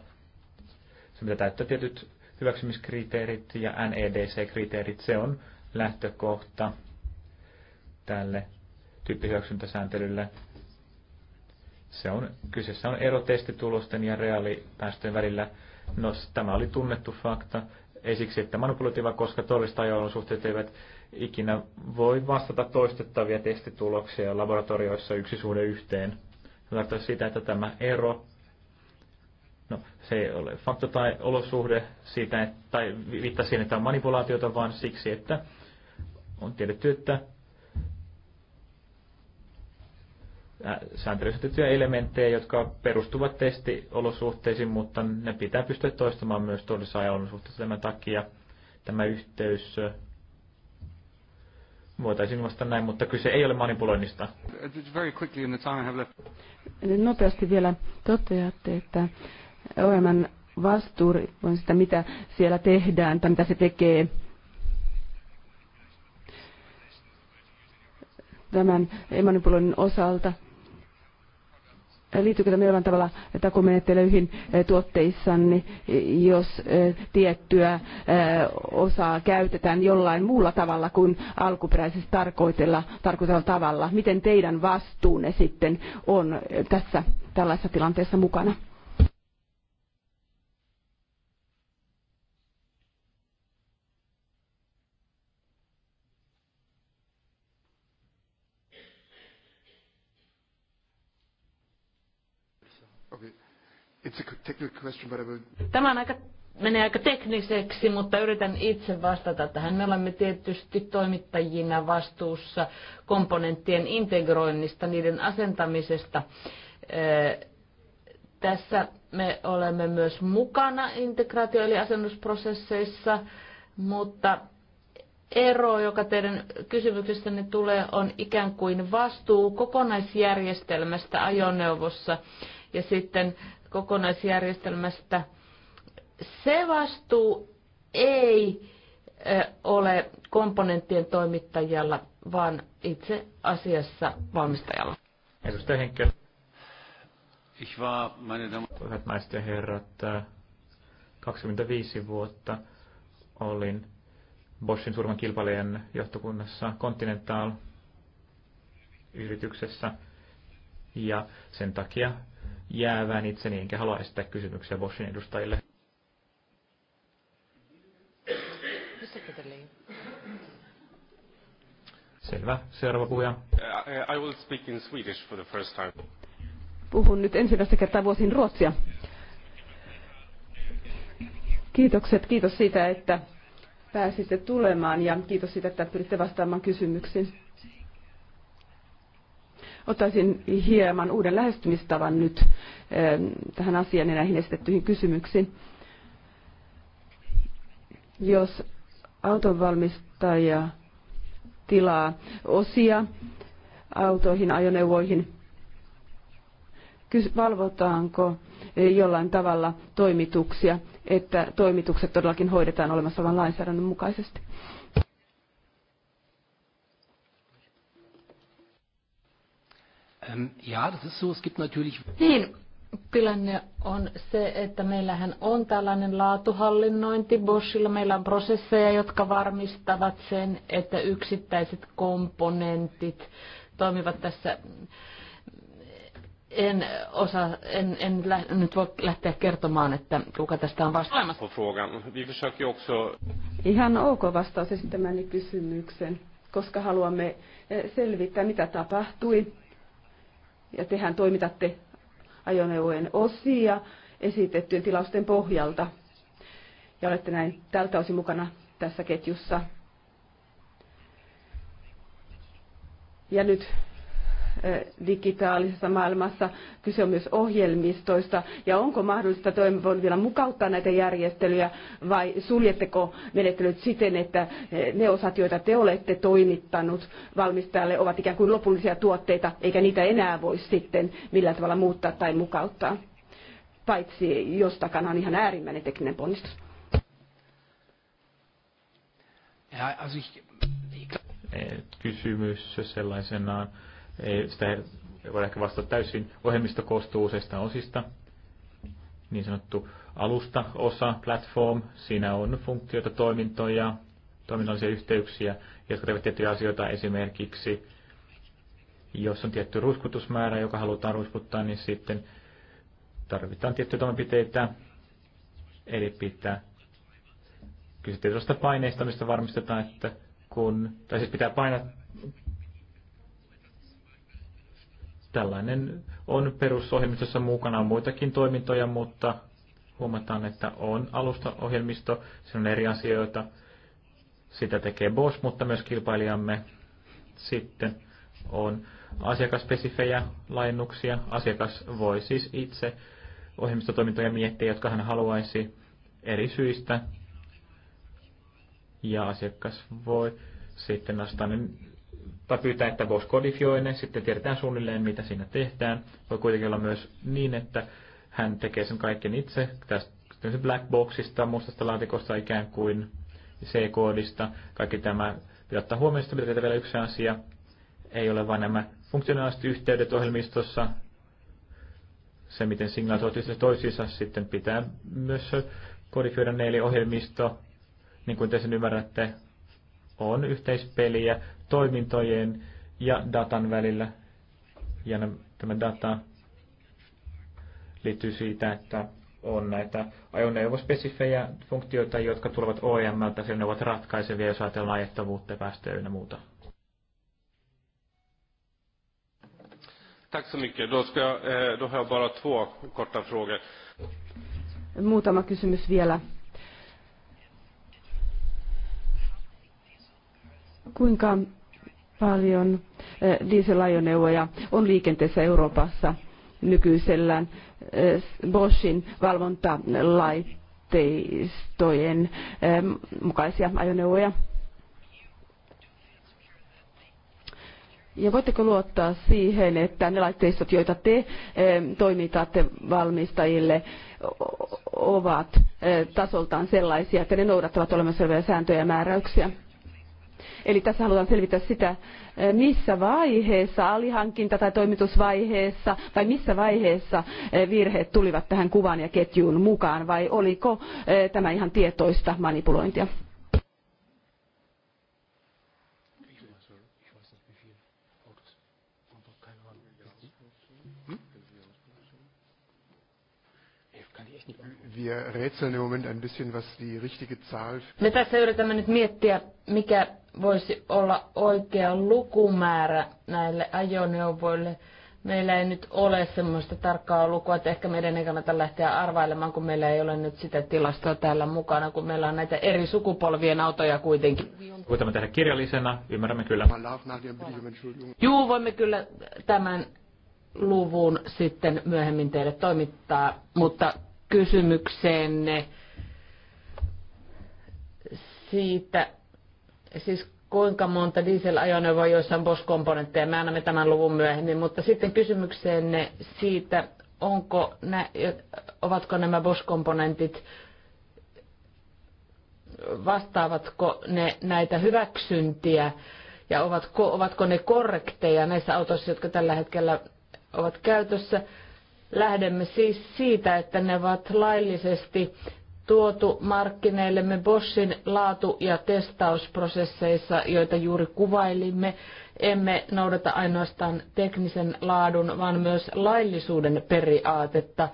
se mitä täyttää tietyt hyväksymiskriteerit ja NEDC-kriteerit, se on lähtökohta tälle tyyppihyväksyntäsääntelylle. Se on, kyseessä on ero testitulosten ja reaalipäästöjen välillä. No, tämä oli tunnettu fakta. Ei siksi, että manipulatiiva, koska todellista ajolosuhteet eivät ikinä voi vastata toistettavia testituloksia laboratorioissa yksi suhde yhteen. Tarkoittaa sitä, että tämä ero, no se ei ole fakto tai olosuhde siitä, että, tai viittaa siihen, että on manipulaatiota, vaan siksi, että on tiedetty, että sääntelyssä elementtejä, jotka perustuvat testiolosuhteisiin, mutta ne pitää pystyä toistamaan myös todellisessa ajan olosuhteessa tämän takia. Tämä yhteys Voitaisiin vastata näin, mutta kyse ei ole manipuloinnista. Nopeasti vielä toteatte, että OMN vastuu on sitä, mitä siellä tehdään tai mitä se tekee. Tämän manipuloinnin osalta liittyykö tämä jollain tavalla takuumenettelyihin eh, tuotteissanne, eh, jos eh, tiettyä osaa käytetään jollain muulla tavalla kuin alkuperäisessä tarkoitella, tarkoitella tavalla. Miten teidän vastuunne sitten on tässä tällaisessa tilanteessa mukana? Tämä on aika, menee aika tekniseksi, mutta yritän itse vastata tähän. Me olemme tietysti toimittajina vastuussa komponenttien integroinnista, niiden asentamisesta. Tässä me olemme myös mukana integraatio- eli asennusprosesseissa, mutta ero, joka teidän kysymyksessänne tulee, on ikään kuin vastuu kokonaisjärjestelmästä ajoneuvossa ja sitten kokonaisjärjestelmästä. Se vastuu ei ole komponenttien toimittajalla, vaan itse asiassa valmistajalla. Edustaja Henkel. Ich war, meine Damen... Hyvät naiset ja herrat, 25 vuotta olin Boschin surman kilpailijan johtokunnassa Continental yrityksessä ja sen takia jäävään itseni, enkä halua esittää kysymyksiä Boschin edustajille. Selvä. Seuraava puhuja. I will speak in Swedish for the first time. Puhun nyt ensimmäistä kertaa vuosin ruotsia. Kiitokset, kiitos siitä, että pääsitte tulemaan ja kiitos siitä, että pyritte vastaamaan kysymyksiin ottaisin hieman uuden lähestymistavan nyt ähm, tähän asiaan ja näihin esitettyihin kysymyksiin. Jos autonvalmistaja tilaa osia autoihin, ajoneuvoihin, valvotaanko eh, jollain tavalla toimituksia, että toimitukset todellakin hoidetaan olemassa olevan lainsäädännön mukaisesti. Ähm, ja, das ist so. Es gibt natürlich... Niin, tilanne on se, että meillähän on tällainen laatuhallinnointi Boschilla. Meillä on prosesseja, jotka varmistavat sen, että yksittäiset komponentit toimivat tässä en osaa, en, en lä- nyt voi lähteä kertomaan, että kuka tästä on vastaamassa. Ihan ok vastaus esittämäni kysymyksen, koska haluamme eh, selvittää, mitä tapahtui ja tehän toimitatte ajoneuvojen osia esitettyjen tilausten pohjalta. Ja olette näin tältä osin mukana tässä ketjussa. Ja nyt digitaalisessa maailmassa. Kyse on myös ohjelmistoista. Ja onko mahdollista toimivan vielä mukauttaa näitä järjestelyjä vai suljetteko menettelyt siten, että ne osat, joita te olette toimittanut valmistajalle, ovat ikään kuin lopullisia tuotteita, eikä niitä enää voi sitten millään tavalla muuttaa tai mukauttaa? Paitsi jos takana on ihan äärimmäinen tekninen ponnistus. Ja, also ich, eh, kysymys sellaisenaan ei, sitä ei voida ehkä vastata täysin. Ohjelmisto koostuu useista osista, niin sanottu alusta, osa, platform. Siinä on funktioita, toimintoja, toiminnallisia yhteyksiä, jotka tekevät tiettyjä asioita esimerkiksi. Jos on tietty ruiskutusmäärä, joka halutaan ruiskuttaa, niin sitten tarvitaan tiettyjä toimenpiteitä. Eli pitää kysyä tietystä paineista, mistä varmistetaan, että kun, tai siis pitää painaa Tällainen on perusohjelmistossa mukana on muitakin toimintoja, mutta huomataan, että on alustaohjelmisto, se on eri asioita. Sitä tekee BOS, mutta myös kilpailijamme. Sitten on asiakaspesifejä laajennuksia. Asiakas voi siis itse ohjelmistotoimintoja miettiä, jotka hän haluaisi eri syistä. Ja asiakas voi sitten nostaa ne tai pyytää, että voisi kodifioi ne, sitten tiedetään suunnilleen, mitä siinä tehdään. Voi kuitenkin olla myös niin, että hän tekee sen kaiken itse, tästä black boxista, mustasta laatikosta ikään kuin, C-koodista, kaikki tämä pitää ottaa huomioon, sitten pitää vielä yksi asia, ei ole vain nämä funktionaaliset yhteydet ohjelmistossa, se miten signaalit ovat toisiinsa, sitten pitää myös kodifioida ne, eli ohjelmisto, niin kuin te sen ymmärrätte, on yhteispeliä, toimintojen ja datan välillä. Ja tämä data liittyy siitä, että on näitä ajoneuvospesifejä funktioita, jotka tulevat OEMltä, sillä ne ovat ratkaisevia, jos ajatellaan ajettavuutta, päästöjä ynnä muuta. Tack så mycket. Då, ska jag, eh, då har jag bara två korta frågor. Muutama kysymys vielä. Kuinka paljon eh, dieselajoneuvoja on liikenteessä Euroopassa nykyisellään eh, Boschin valvontalaitteistojen eh, mukaisia ajoneuvoja. Ja voitteko luottaa siihen, että ne laitteistot, joita te toimitatte valmistajille, ovat tasoltaan sellaisia, että ne noudattavat olemassa olevia sääntöjä ja määräyksiä? Eli tässä halutaan selvittää sitä, eh, missä vaiheessa, alihankinta- tai toimitusvaiheessa, vai missä vaiheessa eh, virheet tulivat tähän kuvaan ja ketjuun mukaan, vai oliko eh, tämä ihan tietoista manipulointia. Wir rätseln im Moment ein bisschen, was die richtige Zahl... Me tässä yritämme nyt miettiä, mikä voisi olla oikea lukumäärä näille ajoneuvoille. Meillä ei nyt ole semmoista tarkkaa lukua, että ehkä meidän ei kannata lähteä arvailemaan, kun meillä ei ole nyt sitä tilastoa täällä mukana, kun meillä on näitä eri sukupolvien autoja kuitenkin. Voitamme tehdä kirjallisena, ymmärrämme kyllä. Juu, voimme kyllä tämän luvun sitten myöhemmin teille toimittaa, mutta kysymykseenne siitä, siis kuinka monta dieselajoneuvoa, joissa on Bosch-komponentteja. Me annamme tämän luvun myöhemmin, mutta sitten kysymykseenne siitä, onko nä, ovatko nämä Bosch-komponentit, vastaavatko ne näitä hyväksyntiä ja ovatko, ovatko ne korrekteja näissä autoissa, jotka tällä hetkellä ovat käytössä. Lähdemme siis siitä, että ne ovat laillisesti tuotu markkineillemme Boschin laatu- ja testausprosesseissa, joita juuri kuvailimme. Emme noudata ainoastaan teknisen laadun, vaan myös laillisuuden periaatetta.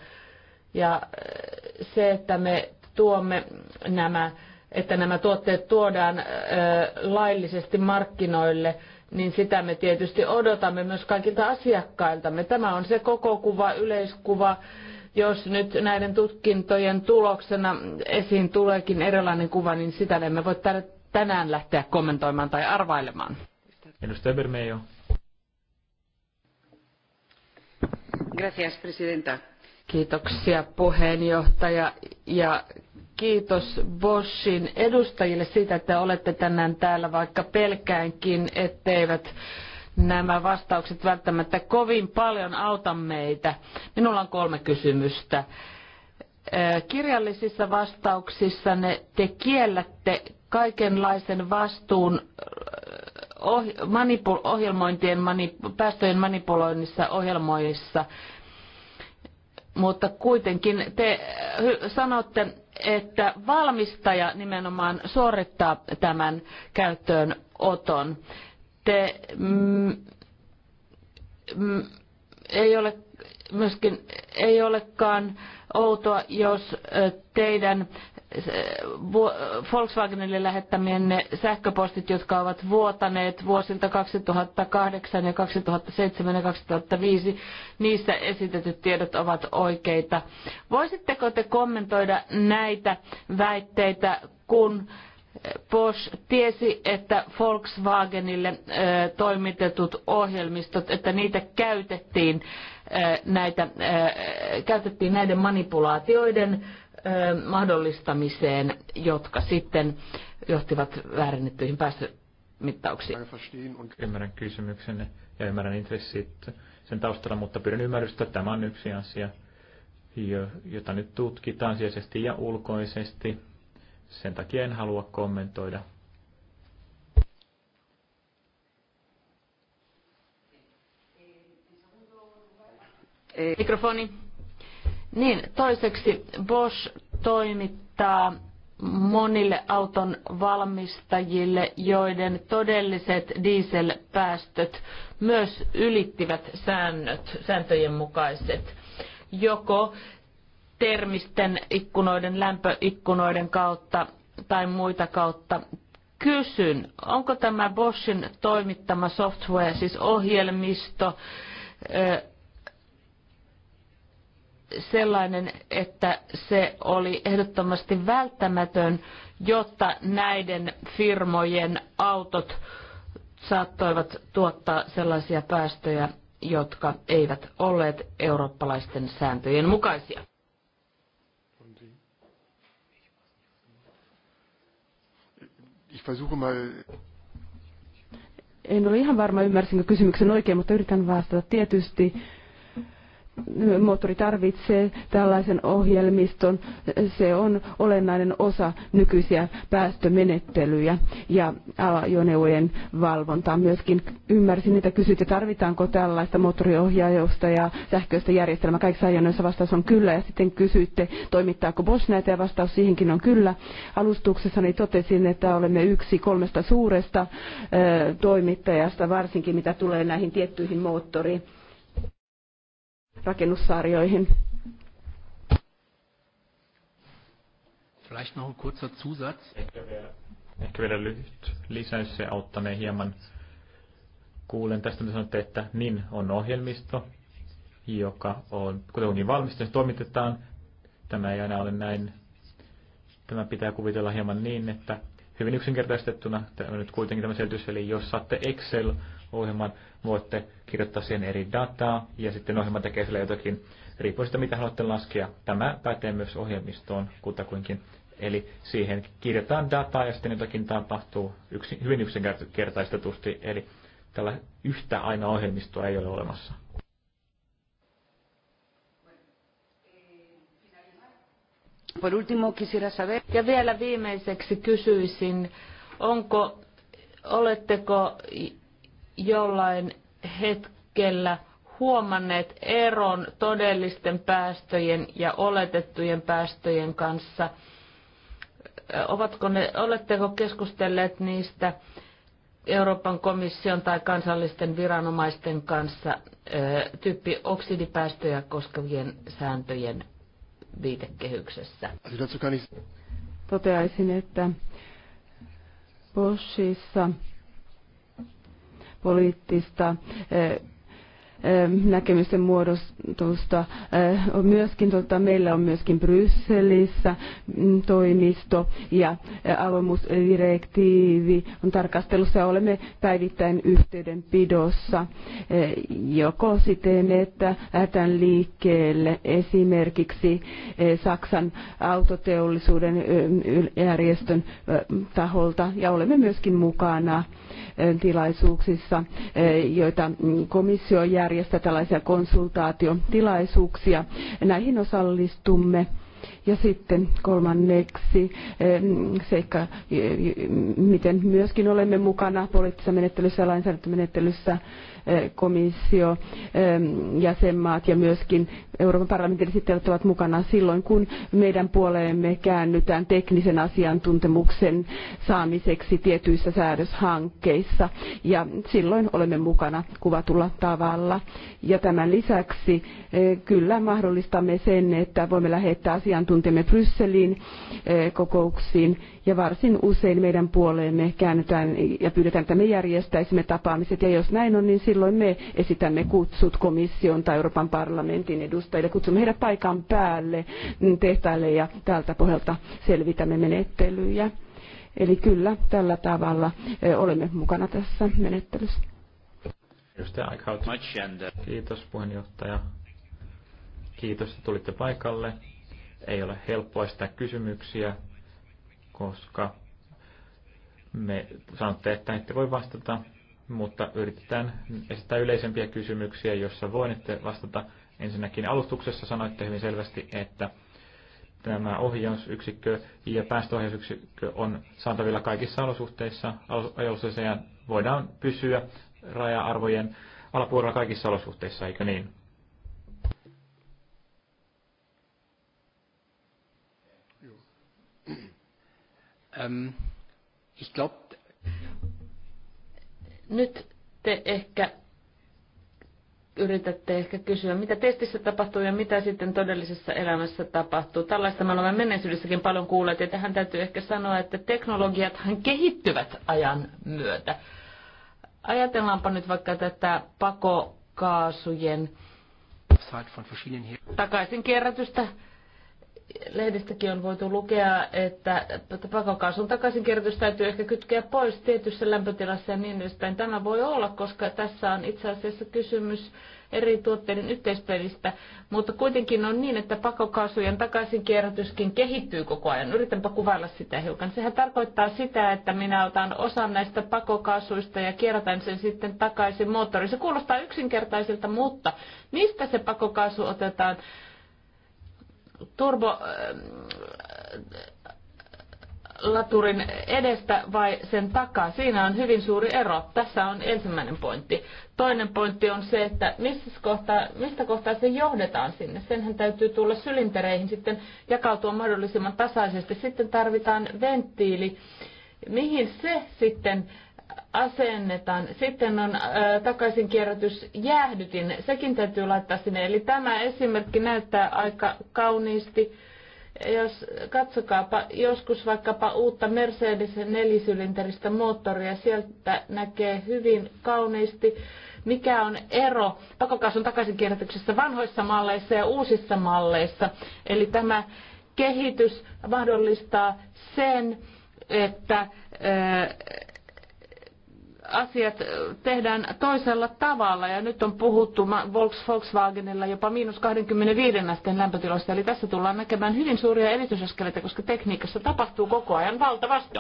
Ja äh, se, että me tuomme nämä, että nämä tuotteet tuodaan äh, laillisesti markkinoille – niin sitä me tietysti odotamme myös kaikilta asiakkailtamme. Tämä on se koko kuva, yleiskuva, jos nyt näiden tutkintojen tuloksena esiin tuleekin erilainen kuva, niin sitä emme voi tänään lähteä kommentoimaan tai arvailemaan. Edustaja Bermejo. Gracias, presidenta. Kiitoksia puheenjohtaja ja kiitos Boschin edustajille siitä, että olette tänään täällä, vaikka pelkäänkin, etteivät nämä vastaukset välttämättä kovin paljon auta meitä. Minulla on kolme kysymystä. Kirjallisissa vastauksissa te kiellätte kaikenlaisen vastuun ohjelmointien, päästöjen manipuloinnissa ohjelmoissa mutta kuitenkin te eh, sanotte, että valmistaja nimenomaan suorittaa tämän käyttöönoton. Te mm, mm, ei ole myöskin ei olekaan outoa, jos teidän Volkswagenille lähettämienne sähköpostit, jotka ovat vuotaneet vuosilta 2008 ja 2007 ja 2005, niissä esitetyt tiedot ovat oikeita. Voisitteko te kommentoida näitä väitteitä, kun Bosch tiesi, että Volkswagenille toimitetut ohjelmistot, että niitä käytettiin, näitä, käytettiin näiden manipulaatioiden mahdollistamiseen, jotka sitten johtivat väärennettyihin päästömittauksiin. Ymmärrän kysymyksen ja ymmärrän intressit sen taustalla, mutta pyydän ymmärrystä, että tämä on yksi asia, jota nyt tutkitaan sisäisesti ja ulkoisesti sen takia en halua kommentoida. Mikrofoni. Niin, toiseksi Bosch toimittaa monille auton valmistajille, joiden todelliset dieselpäästöt myös ylittivät säännöt, sääntöjen mukaiset joko termisten ikkunoiden, lämpöikkunoiden kautta tai muita kautta. Kysyn, onko tämä Boschin toimittama software, siis ohjelmisto, sellainen, että se oli ehdottomasti välttämätön, jotta näiden firmojen autot saattoivat tuottaa sellaisia päästöjä, jotka eivät olleet eurooppalaisten sääntöjen mukaisia. Ich versuche mal en ole ihan varma, ymmärsinkö kysymyksen oikein, mutta yritän vastata. Tietysti moottori tarvitsee tällaisen ohjelmiston. Se on olennainen osa nykyisiä päästömenettelyjä ja ajoneuvojen valvontaa. Myöskin ymmärsin, että kysyt, että tarvitaanko tällaista moottoriohjausta ja sähköistä järjestelmää. Kaikissa ajoneuvoissa vastaus on kyllä ja sitten kysyitte, toimittaako Bosch näitä ja vastaus siihenkin on kyllä. Alustuksessani totesin, että olemme yksi kolmesta suuresta ö, toimittajasta, varsinkin mitä tulee näihin tiettyihin moottoriin rakennussarjoihin. Vielleicht noch ein kurzer Zusatz. Ehkä vielä, lyhyt lisäys, se auttanee hieman. Kuulen tästä, mitä sanotte, että NIN on ohjelmisto, joka on kuitenkin valmistunut, se toimitetaan. Tämä ei aina ole näin. Tämä pitää kuvitella hieman niin, että hyvin yksinkertaistettuna, tämä on nyt kuitenkin tämä selitys, eli jos saatte Excel ohjelman, voitte kirjoittaa siihen eri dataa ja sitten ohjelma tekee sille jotakin riippuen siitä, mitä haluatte laskea. Tämä pätee myös ohjelmistoon kutakuinkin. Eli siihen kirjataan dataa ja sitten jotakin tapahtuu yksi, hyvin yksinkertaistetusti. Eli tällä yhtä aina ohjelmistoa ei ole olemassa. Por último, quisiera saber. Ja vielä viimeiseksi kysyisin, onko, oletteko jollain hetkellä huomanneet eron todellisten päästöjen ja oletettujen päästöjen kanssa? Ovatko ne, oletteko keskustelleet niistä Euroopan komission tai kansallisten viranomaisten kanssa tyyppi oksidipäästöjä koskevien sääntöjen viitekehyksessä? Toteaisin, että Boschissa poliittista eh, eh, näkemysten muodostusta. Eh, on myöskin, tota, meillä on myöskin Brysselissä mm, toimisto ja avoimuusdirektiivi on tarkastelussa ja olemme päivittäin yhteydenpidossa joko siten, että lähdetään liikkeelle esimerkiksi Saksan autoteollisuuden järjestön taholta ja olemme myöskin mukana Eh, tilaisuuksissa, eh, joita mm, komissio järjestää tällaisia konsultaatiotilaisuuksia. Näihin osallistumme. Ja sitten kolmanneksi eh, mm, seikka, miten myöskin olemme mukana poliittisessa menettelyssä ja lainsäädäntömenettelyssä komissio, ähm, jäsenmaat ja myöskin Euroopan parlamentin esittelijät ovat mukana silloin, kun meidän puoleemme käännytään teknisen asiantuntemuksen saamiseksi tietyissä säädöshankkeissa. Ja silloin olemme mukana kuvatulla tavalla. Ja tämän lisäksi äh, kyllä mahdollistamme sen, että voimme lähettää asiantuntijamme Brysseliin äh, kokouksiin ja varsin usein meidän puoleemme käännytään ja pyydetään, että me järjestäisimme tapaamiset ja jos näin on, niin silloin silloin me esitämme kutsut komission tai Euroopan parlamentin edustajille. Kutsumme heidät paikan päälle mm, tehtaille ja tältä pohjalta selvitämme menettelyjä. Eli kyllä, tällä tavalla e, olemme mukana tässä menettelyssä. Uh, Kiitos puheenjohtaja. Kiitos, että tulitte paikalle. Ei ole helppoa esittää kysymyksiä, koska me sanotte, että ette voi vastata mutta yritetään esittää yleisempiä kysymyksiä, joissa voinette vastata. Ensinnäkin alustuksessa sanoitte hyvin selvästi, että tämä ohjausyksikkö ja päästöohjausyksikkö on saatavilla kaikissa olosuhteissa, olosuhteissa ja voidaan pysyä raja-arvojen alapuolella kaikissa olosuhteissa, eikö niin? Ähm, ich glaube, nyt te ehkä yritätte ehkä kysyä, mitä testissä tapahtuu ja mitä sitten todellisessa elämässä tapahtuu. Tällaista me olemme menneisyydessäkin paljon kuulleet ja tähän täytyy ehkä sanoa, että teknologiathan kehittyvät ajan myötä. Ajatellaanpa nyt vaikka tätä pakokaasujen takaisin kierrätystä lehdistäkin on voitu lukea, että pakokaasun takaisinkierrätys täytyy ehkä kytkeä pois tietyssä lämpötilassa ja niin edespäin. Tämä voi olla, koska tässä on itse asiassa kysymys eri tuotteiden yhteispelistä, mutta kuitenkin on niin, että pakokaasujen takaisinkierrätyskin kehittyy koko ajan. Yritänpä kuvailla sitä hiukan. Sehän tarkoittaa sitä, että minä otan osan näistä pakokaasuista ja kierrätän sen sitten takaisin moottoriin. Se kuulostaa yksinkertaiselta, mutta mistä se pakokaasu otetaan? turbo äh, laturin edestä vai sen takaa. Siinä on hyvin suuri ero. Tässä on ensimmäinen pointti. Toinen pointti on se, että missä kohtaa, mistä kohtaa se johdetaan sinne. Senhän täytyy tulla sylintereihin sitten jakautua mahdollisimman tasaisesti. Sitten tarvitaan venttiili. Mihin se sitten asennetaan. Sitten on ää, äh, takaisinkierrätys jäähdytin. Sekin täytyy laittaa sinne. Eli tämä esimerkki näyttää aika kauniisti. Jos katsokaapa joskus vaikkapa uutta Mercedes nelisylinteristä moottoria, sieltä näkee hyvin kauniisti, mikä on ero pakokaasun takaisinkierrätyksessä vanhoissa malleissa ja uusissa malleissa. Eli tämä kehitys mahdollistaa sen, että äh, asiat tehdään toisella tavalla ja nyt on puhuttu Volkswagenilla jopa miinus 25 asteen lämpötiloista. Eli tässä tullaan näkemään hyvin suuria edistysaskeleita, koska tekniikassa tapahtuu koko ajan valtavasti.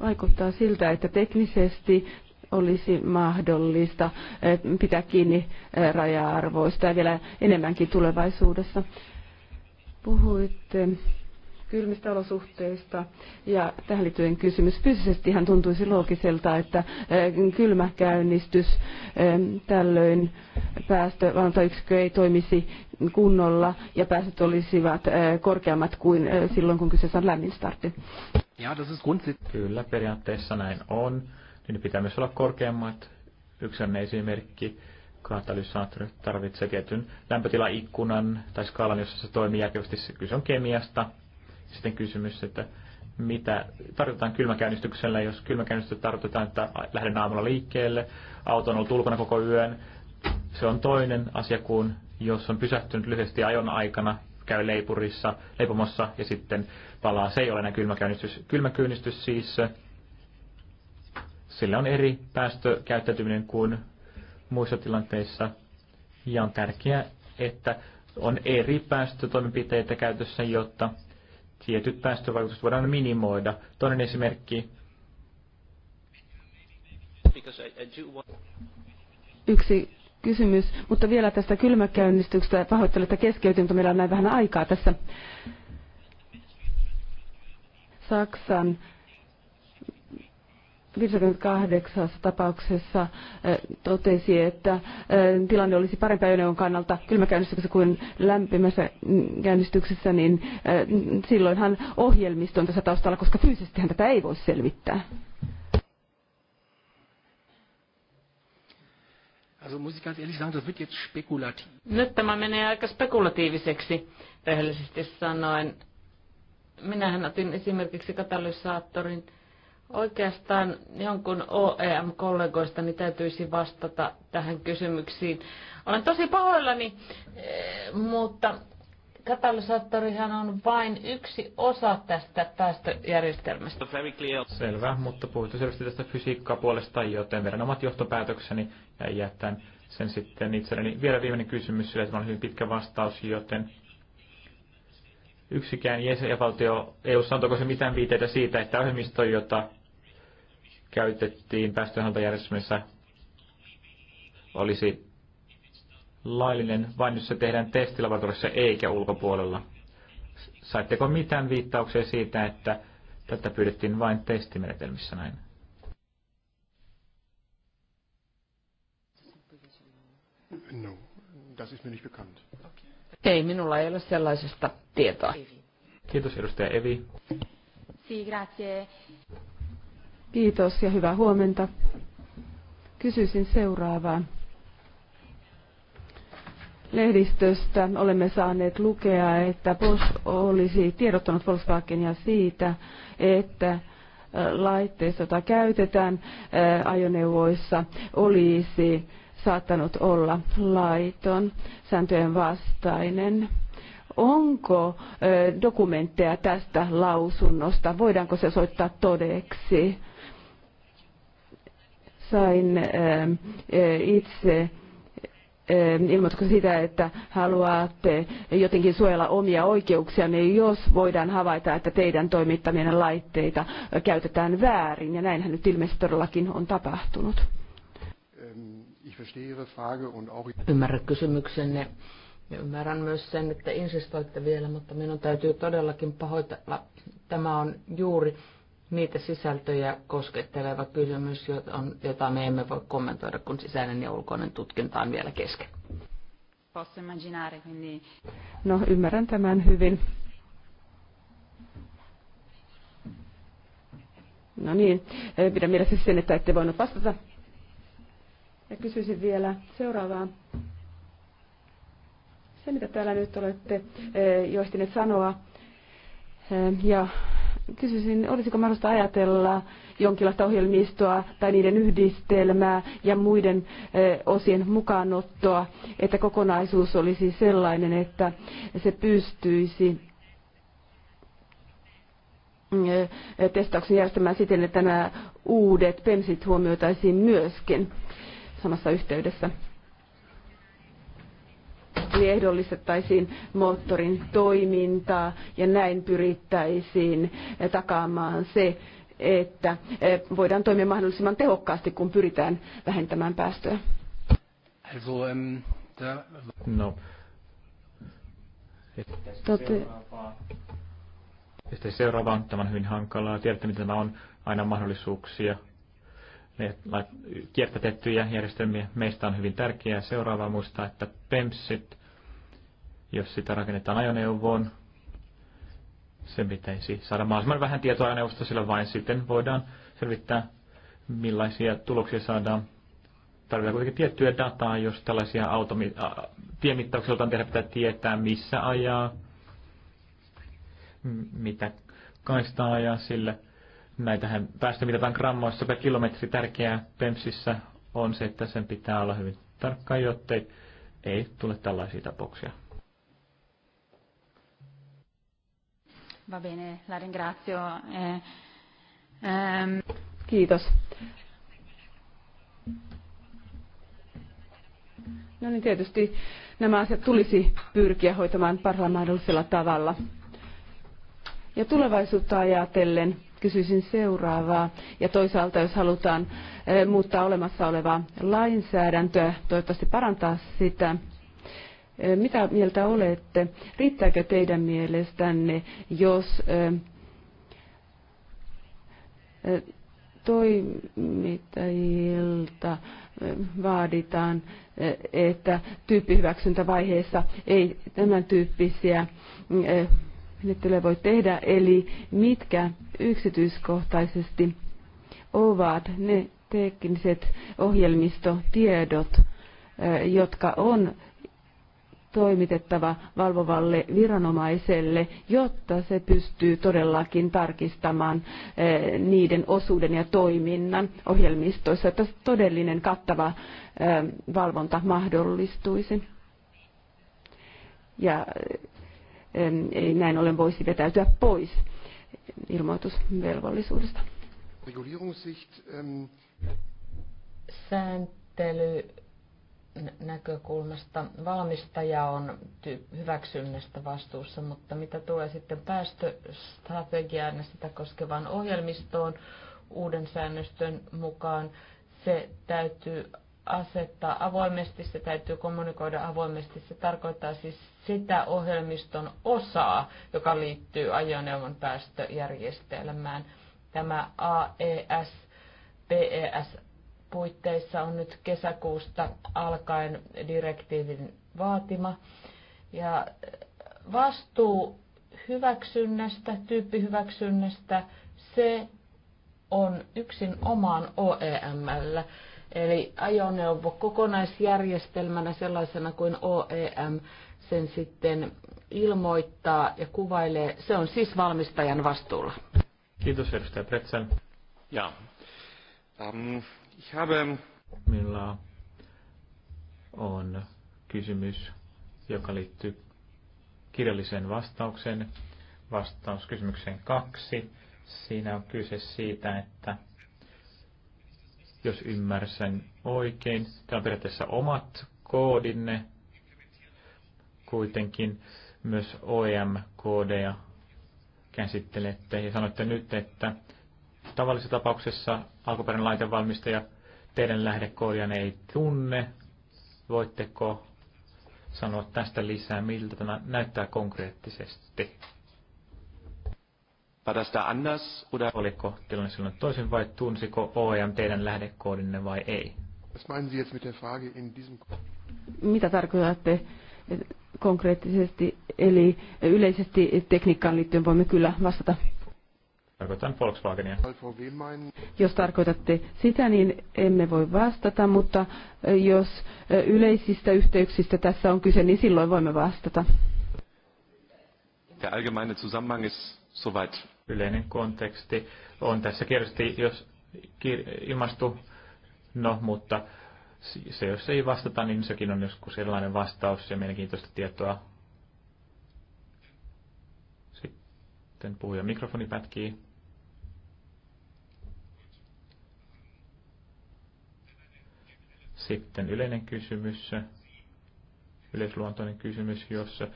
Vaikuttaa siltä, että teknisesti olisi mahdollista pitää kiinni raja-arvoista ja vielä enemmänkin tulevaisuudessa. Puhuitte kylmistä olosuhteista. Ja tähän liittyen kysymys. Fyysisesti hän tuntuisi loogiselta, että kylmä käynnistys tällöin päästövalvontayksikkö ei toimisi kunnolla ja päästöt olisivat korkeammat kuin silloin, kun kyseessä on lämmin startti. Ja, Kyllä, periaatteessa näin on. Niin pitää myös olla korkeammat. Yksi esimerkki katalysaattori tarvitsee tietyn lämpötilaikkunan tai skaalan, jossa se toimii järkevästi. Kyse on kemiasta. Sitten kysymys, että mitä tarkoitetaan kylmäkäynnistyksellä, jos kylmäkäynnistyksellä tarkoitetaan, että lähden aamulla liikkeelle, auto on ollut ulkona koko yön. Se on toinen asia kuin jos on pysähtynyt lyhyesti ajon aikana, käy leipurissa, leipomossa ja sitten palaa. Se ei ole enää kylmäkäynnistys. Kylmäkäynnistys siis, sillä on eri päästökäyttäytyminen kuin muissa tilanteissa. Ja on tärkeää, että on eri päästötoimenpiteitä käytössä, jotta tietyt päästövaikutukset voidaan minimoida. Toinen esimerkki. Yksi kysymys, mutta vielä tästä kylmäkäynnistyksestä. Pahoittelen, että keskeytin, mutta meillä on näin vähän aikaa tässä. Saksan 58 tapauksessa eh, totesi, että eh, tilanne olisi parempi ajoneuvon kannalta kylmäkäynnistyksessä kuin lämpimässä käynnistyksessä, niin eh, silloinhan ohjelmisto on tässä taustalla, koska hän tätä ei voi selvittää. Also muss ich ganz ehrlich sagen, das wird jetzt spekulativ. Nyt tämä menee aika spekulatiiviseksi, rehellisesti sanoen. Minähän otin esimerkiksi katalysaattorin Oikeastaan jonkun oem niin täytyisi vastata tähän kysymyksiin. Olen tosi pahoillani, eh, mutta katalysaattorihan on vain yksi osa tästä päästöjärjestelmästä. Selvä, mutta puhuttu selvästi tästä fysiikkapuolesta, joten verran omat johtopäätökseni ja jätän sen sitten itselleni. Vielä viimeinen kysymys, sillä tämä on hyvin pitkä vastaus, joten yksikään jäsenvaltio EU-ssa, sanotaanko se mitään viiteitä siitä, että ohjelmisto, jota käytettiin päästöhallintajärjestelmissä, olisi laillinen vain jos se tehdään testilaboratoriossa eikä ulkopuolella. Saitteko mitään viittauksia siitä, että tätä pyydettiin vain testimenetelmissä näin? No, das ist mir nicht bekannt. Ei, minulla ei ole sellaisesta tietoa. Kiitos edustaja Evi. Si, grazie. Kiitos ja hyvää huomenta. Kysyisin seuraavaa. Lehdistöstä olemme saaneet lukea, että Bosch olisi tiedottanut Volkswagenia siitä, että äh, laitteista, jota käytetään äh, ajoneuvoissa, olisi saattanut olla laiton, sääntöjen vastainen. Onko äh, dokumentteja tästä lausunnosta? Voidaanko se soittaa todeksi? sain ähm, äh, itse ähm, ilmoitko sitä, että haluatte jotenkin suojella omia oikeuksia, niin jos voidaan havaita, että teidän toimittamien laitteita käytetään väärin, ja näinhän nyt ilmeisesti todellakin on tapahtunut. Ähm, Ymmärrä kysymyksenne. Ymmärrän myös sen, että insistoitte vielä, mutta minun täytyy todellakin pahoitella. Tämä on juuri niitä sisältöjä kosketteleva kysymys, jota me emme voi kommentoida, kun sisäinen ja ulkoinen tutkinta on vielä kesken. No, ymmärrän tämän hyvin. No niin, pidän mielessä sen, että ette voinut vastata. Ja kysyisin vielä seuraavaa. Se, mitä täällä nyt olette eh, joistineet sanoa, eh, ja kysyisin, olisiko mahdollista ajatella jonkinlaista ohjelmistoa tai niiden yhdistelmää ja muiden eh, osien mukaanottoa, että kokonaisuus olisi sellainen, että se pystyisi eh, testauksen järjestämään siten, että nämä uudet pensit huomioitaisiin myöskin samassa yhteydessä ehdollistettaisiin moottorin toimintaa ja näin pyrittäisiin takaamaan se, että eh, voidaan toimia mahdollisimman tehokkaasti, kun pyritään vähentämään päästöjä. Um, no. Tote... Seuraava on tämän hyvin hankalaa. Tiedätte, mitä tämä on. Aina mahdollisuuksia kiertätettyjä järjestelmiä. Meistä on hyvin tärkeää seuraava muistaa, että PEMSit jos sitä rakennetaan ajoneuvoon, sen pitäisi saada mahdollisimman vähän tietoa ajoneuvosta, sillä vain sitten voidaan selvittää, millaisia tuloksia saadaan. Tarvitaan kuitenkin tiettyä dataa, jos tällaisia automi- a- tiemittauksia otan tehdä, pitää tietää, missä ajaa, mitä kaistaa ajaa, sillä näitähän päästä mitataan grammoissa per kilometri. Tärkeää PEMSissä on se, että sen pitää olla hyvin tarkka, jotta ei tule tällaisia tapauksia. Va bene, la ringrazio. Eh, ehm. Kiitos. No niin, tietysti nämä asiat tulisi pyrkiä hoitamaan parhaalla mahdollisella tavalla. Ja tulevaisuutta ajatellen kysyisin seuraavaa. Ja toisaalta, jos halutaan eh, muuttaa olemassa olevaa lainsäädäntöä, toivottavasti parantaa sitä, mitä mieltä olette? Riittääkö teidän mielestänne, jos toimittajilta vaaditaan, että tyyppihyväksyntävaiheessa ei tämän tyyppisiä menettelyä voi tehdä, eli mitkä yksityiskohtaisesti ovat ne tekniset ohjelmistotiedot, jotka on toimitettava valvovalle viranomaiselle, jotta se pystyy todellakin tarkistamaan eh, niiden osuuden ja toiminnan ohjelmistoissa, että todellinen kattava eh, valvonta mahdollistuisi. Ja eh, näin ollen voisi vetäytyä pois ilmoitusvelvollisuudesta. Ähm, Sääntely näkökulmasta. Valmistaja on hyväksynnästä vastuussa, mutta mitä tulee sitten päästöstrategiaan ja sitä koskevaan ohjelmistoon uuden säännöstön mukaan, se täytyy asettaa avoimesti, se täytyy kommunikoida avoimesti. Se tarkoittaa siis sitä ohjelmiston osaa, joka liittyy ajoneuvon päästöjärjestelmään. Tämä AES, PES puitteissa on nyt kesäkuusta alkaen direktiivin vaatima. Ja vastuu hyväksynnästä, tyyppihyväksynnästä, se on yksin omaan OEMllä. Eli ajoneuvo kokonaisjärjestelmänä sellaisena kuin OEM sen sitten ilmoittaa ja kuvailee. Se on siis valmistajan vastuulla. Kiitos edustaja Pretsen. Ja. Um, Ich habe... Minulla ähm, on kysymys, joka liittyy kirjalliseen vastaukseen. Vastaus kysymykseen kaksi. Siinä on kyse siitä, että jos ymmärsen oikein, tämä on periaatteessa omat koodinne, kuitenkin myös OEM-koodeja käsittelette ja sanoitte nyt, että tavallisessa tapauksessa alkuperäinen laitevalmistaja teidän lähdekoodia ei tunne. Voitteko sanoa tästä lisää, miltä tämä näyttää konkreettisesti? anders oder oliko tilanne silloin toisin vai tunsiko OEM teidän lähdekoodinne vai ei? Mitä tarkoitatte konkreettisesti, eli yleisesti tekniikkaan liittyen voimme kyllä vastata Tarkoitan Volkswagenia. Jos tarkoitatte sitä, niin emme voi vastata, mutta jos yleisistä yhteyksistä tässä on kyse, niin silloin voimme vastata. Yleinen konteksti on tässä kirjasti, jos ilmastu, no, mutta se, jos ei vastata, niin sekin on joskus sellainen vastaus ja mielenkiintoista tietoa. Sitten puhuja mikrofoni pätkii. Sitten yleinen kysymys, yleisluontoinen kysymys, jossa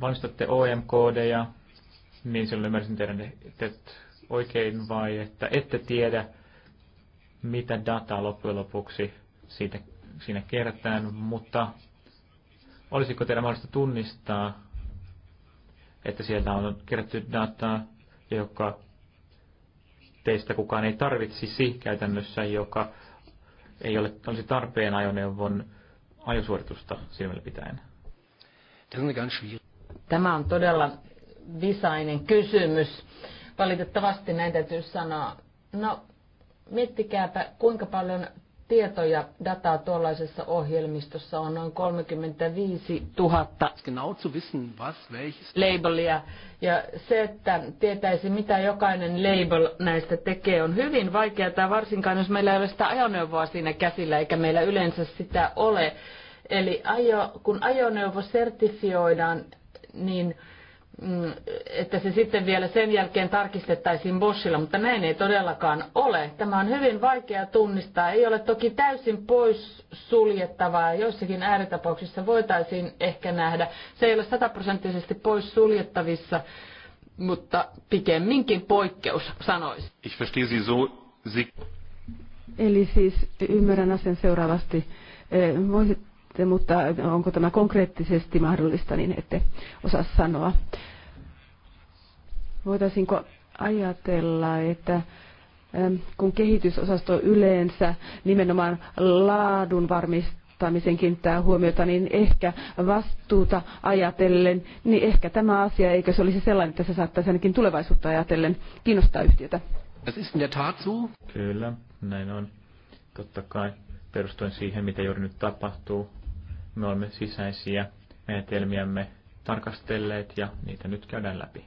valmistatte OM-koodeja, niin silloin ymmärsin teidän teet oikein vai että ette tiedä, mitä dataa loppujen lopuksi siitä, siinä kerätään, mutta olisiko teidän mahdollista tunnistaa, että sieltä on kerätty dataa, joka teistä kukaan ei tarvitsisi käytännössä, joka ei ole olisi tarpeen ajoneuvon ajosuoritusta silmällä pitäen? Tämä on todella visainen kysymys. Valitettavasti näin täytyy sanoa. No, miettikääpä, kuinka paljon tietoja, dataa tuollaisessa ohjelmistossa on noin 35 000 labelia. Ja se, että tietäisi mitä jokainen label näistä tekee, on hyvin vaikeaa, varsinkaan jos meillä ei ole sitä ajoneuvoa siinä käsillä, eikä meillä yleensä sitä ole. Eli ajo, kun ajoneuvo sertifioidaan, niin Mm, että se sitten vielä sen jälkeen tarkistettaisiin Boschilla, mutta näin ei todellakaan ole. Tämä on hyvin vaikea tunnistaa. Ei ole toki täysin pois suljettavaa. Joissakin ääritapauksissa voitaisiin ehkä nähdä. Se ei ole sataprosenttisesti pois suljettavissa, mutta pikemminkin poikkeus, sanoisi. Ich verstehe Sie so, Sie... Eli siis ymmärrän asian seuraavasti. Eh, Voisit mutta onko tämä konkreettisesti mahdollista, niin ette osaa sanoa. Voitaisinko ajatella, että ähm, kun kehitysosasto yleensä nimenomaan laadun varmistamisen kiinnittää huomiota, niin ehkä vastuuta ajatellen, niin ehkä tämä asia, eikö se olisi sellainen, että se saattaisi ainakin tulevaisuutta ajatellen kiinnostaa yhtiötä. Kyllä, näin on. Totta kai perustuen siihen, mitä juuri nyt tapahtuu, me olemme sisäisiä menetelmiämme tarkastelleet ja niitä nyt käydään läpi.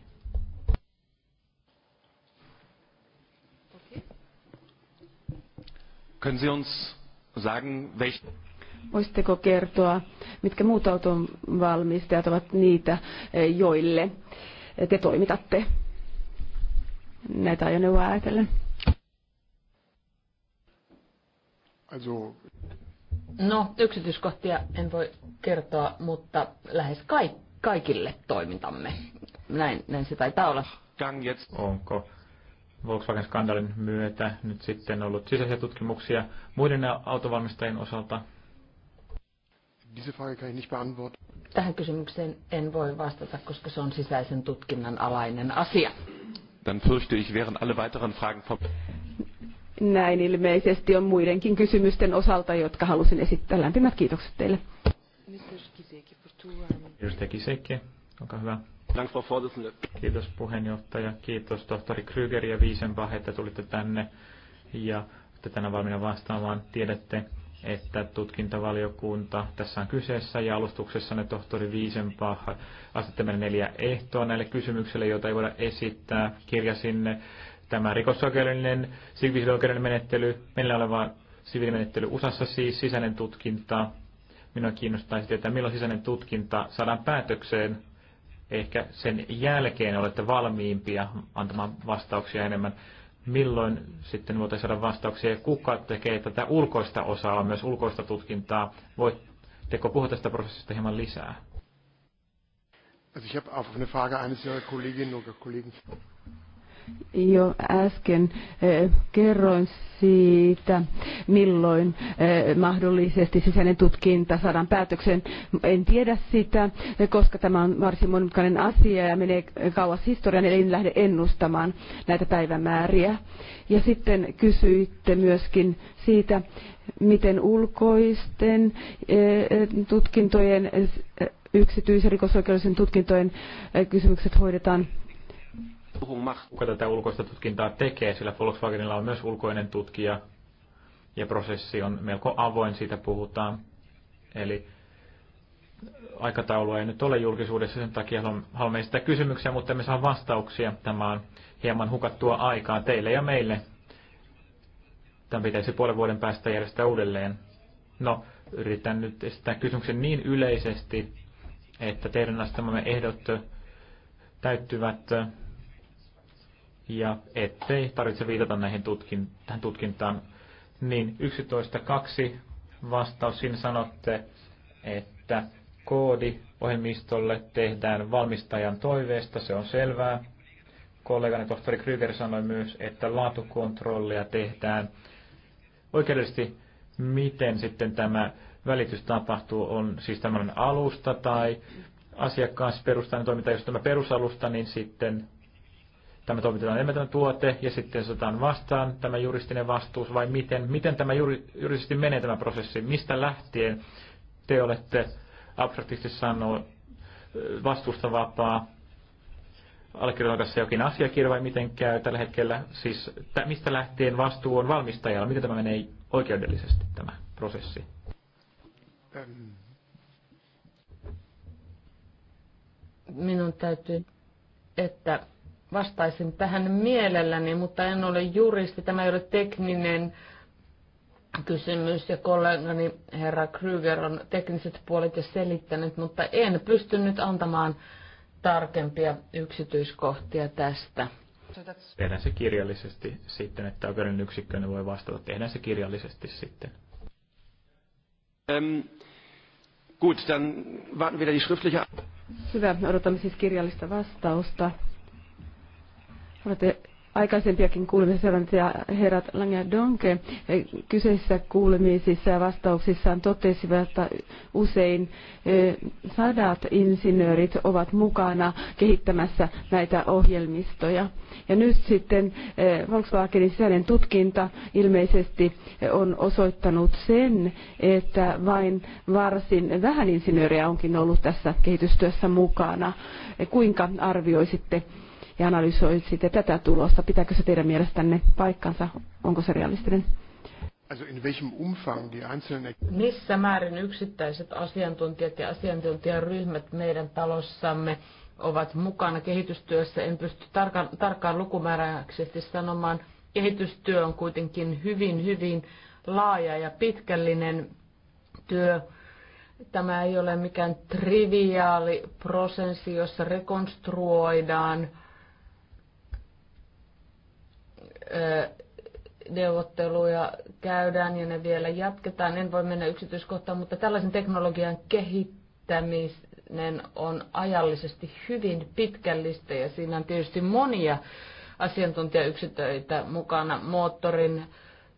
Können Sie uns sagen, welche Voisitteko kertoa, mitkä muut auton valmistajat ovat niitä, eh, joille te toimitatte näitä ajoneuvoja ajatellen? Also No, yksityiskohtia en voi kertoa, mutta lähes kaikki kaikille toimintamme. Näin, näin se taitaa olla. Onko Volkswagen skandalin myötä nyt sitten ollut sisäisiä tutkimuksia muiden autovalmistajien osalta? Tähän kysymykseen en voi vastata, koska se on sisäisen tutkinnan alainen asia. Dann fürchte ich, wären alle weiteren Fragen vom näin ilmeisesti on muidenkin kysymysten osalta, jotka halusin esittää. Lämpimät kiitokset teille. Edustaja Kisekki, olkaa hyvä. Kiitos puheenjohtaja, kiitos tohtori Kryger ja Wiesenbach, että tulitte tänne ja olette tänä valmiina vastaamaan. Tiedätte, että tutkintavaliokunta tässä on kyseessä ja alustuksessa ne tohtori Wiesenbach asettamme neljä ehtoa näille kysymyksille, joita ei voida esittää. sinne tämä rikosoikeudellinen, sivilisoikeudellinen menettely, meillä oleva sivilimenettely USAssa siis, sisäinen tutkinta. Minua kiinnostaisi tietää, milloin sisäinen tutkinta saadaan päätökseen. Ehkä sen jälkeen olette valmiimpia antamaan vastauksia enemmän. Milloin sitten voitaisiin saada vastauksia ja kuka tekee tätä ulkoista osaa, myös ulkoista tutkintaa? Voitteko puhua tästä prosessista hieman lisää? Also ich habe auf eine Frage eines Ihrer Kolleginnen oder Kollegen jo äsken eh, kerroin siitä, milloin eh, mahdollisesti sisäinen tutkinta saadaan päätöksen En tiedä sitä, eh, koska tämä on varsin monimutkainen asia ja menee kauas historian eli en lähde ennustamaan näitä päivämääriä. Ja sitten kysyitte myöskin siitä, miten ulkoisten tutkintojen, rikosoikeudellisen tutkintojen kysymykset hoidetaan Kuka tätä ulkoista tutkintaa tekee, sillä Volkswagenilla on myös ulkoinen tutkija ja prosessi on melko avoin, siitä puhutaan. Eli aikataulu ei nyt ole julkisuudessa, sen takia haluamme esittää kysymyksiä, mutta me saa vastauksia. Tämä on hieman hukattua aikaa teille ja meille. tämä pitäisi puolen vuoden päästä järjestää uudelleen. No, yritän nyt esittää kysymyksen niin yleisesti, että teidän astamamme ehdot täyttyvät ja ettei tarvitse viitata näihin tutkin, tähän tutkintaan. Niin 11.2 vastaus siinä sanotte, että koodi ohjelmistolle tehdään valmistajan toiveesta, se on selvää. Kollegani tohtori Kryger sanoi myös, että laatukontrollia tehdään oikeudellisesti, miten sitten tämä välitys tapahtuu, on siis tämmöinen alusta tai perustainen toiminta, jos tämä perusalusta, niin sitten tämä toimitetaan enemmän tuote ja sitten se otetaan vastaan tämä juristinen vastuus vai miten, miten tämä juri, juristisesti menee tämä prosessi, mistä lähtien te olette abstraktisti sanoo vastuusta vapaa, allekirjoitan jokin asiakirja vai miten käy tällä hetkellä, siis t- mistä lähtien vastuu on valmistajalla, miten tämä menee oikeudellisesti tämä prosessi? Minun täytyy, että vastaisin tähän mielelläni, mutta en ole juristi, tämä ei ole tekninen kysymys ja kollegani herra Kryger on tekniset puolet jo selittänyt, mutta en pysty nyt antamaan tarkempia yksityiskohtia tästä. Tehdään se kirjallisesti sitten, että oikeuden yksikkö voi vastata. Tehdään se kirjallisesti sitten. Ähm, gut, dann warten wir die schriftliche... Hyvä, odotamme siis kirjallista vastausta. Olette aikaisempiakin kuulemisia seurannut ja herrat Lange Donke eh, kyseisissä kuulemisissa ja vastauksissaan totesivat, että usein eh, sadat insinöörit ovat mukana kehittämässä näitä ohjelmistoja. Ja nyt sitten eh, Volkswagenin sisäinen tutkinta ilmeisesti on osoittanut sen, että vain varsin vähän insinööriä onkin ollut tässä kehitystyössä mukana. Kuinka arvioisitte ja sitten tätä tulosta. Pitääkö se teidän mielestänne paikkansa? Onko se realistinen? Also in welchem Umfang die einzelnen... Missä määrin yksittäiset asiantuntijat ja asiantuntijaryhmät meidän talossamme ovat mukana kehitystyössä? En pysty tarkkaan, tarkkaan lukumääräisesti sanomaan. Kehitystyö on kuitenkin hyvin, hyvin laaja ja pitkällinen työ. Tämä ei ole mikään triviaali prosessi, jossa rekonstruoidaan – neuvotteluja käydään ja ne vielä jatketaan. En voi mennä yksityiskohtaan, mutta tällaisen teknologian kehittäminen on ajallisesti hyvin pitkällistä ja siinä on tietysti monia asiantuntijayksiköitä mukana. Moottorin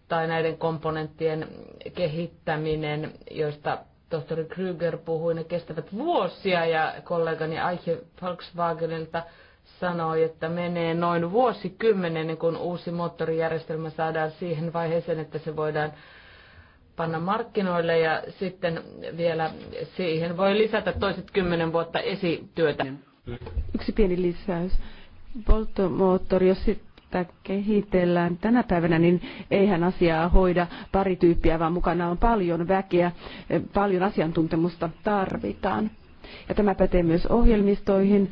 tai näiden komponenttien kehittäminen, joista tohtori Krüger puhui, ne kestävät vuosia ja kollegani Aihe Volkswagenilta – sanoi, että menee noin vuosikymmenen, kun uusi moottorijärjestelmä saadaan siihen vaiheeseen, että se voidaan panna markkinoille ja sitten vielä siihen voi lisätä toiset kymmenen vuotta esityötä. Yksi pieni lisäys. Polttomoottori, jos sitä kehitellään tänä päivänä, niin eihän asiaa hoida pari tyyppiä, vaan mukana on paljon väkeä, paljon asiantuntemusta tarvitaan. Ja tämä pätee myös ohjelmistoihin,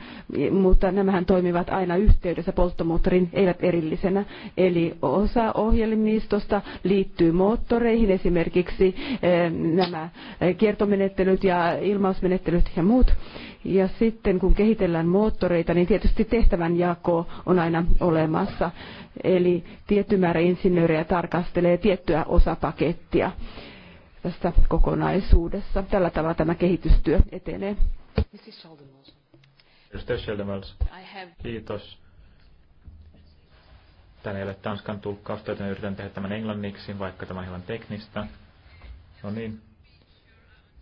mutta nämähän toimivat aina yhteydessä polttomoottorin, eivät erillisenä. Eli osa ohjelmistosta liittyy moottoreihin, esimerkiksi eh, nämä kiertomenettelyt ja ilmausmenettelyt ja muut. Ja sitten kun kehitellään moottoreita, niin tietysti tehtävänjako on aina olemassa. Eli tietty määrä insinöörejä tarkastelee tiettyä osapakettia tässä kokonaisuudessa. Tällä tavalla tämä kehitystyö etenee. Kiitos. Tänne ei ole Tanskan tulkkausta, joten yritän tehdä tämän englanniksi, vaikka tämä on hieman teknistä. No niin.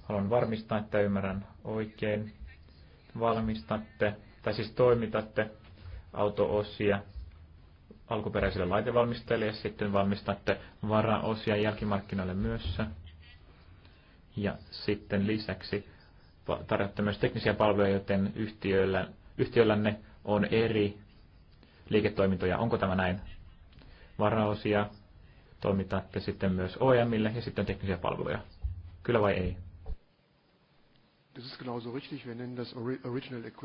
Haluan varmistaa, että ymmärrän oikein. Valmistatte, tai siis toimitatte autoosia alkuperäisille laitevalmistajille ja sitten valmistatte varaosia jälkimarkkinoille myös. Ja sitten lisäksi tarjotte myös teknisiä palveluja, joten yhtiöllä, yhtiöllänne on eri liiketoimintoja. Onko tämä näin? Varaosia toimitatte sitten myös OEMille ja sitten teknisiä palveluja. Kyllä vai ei?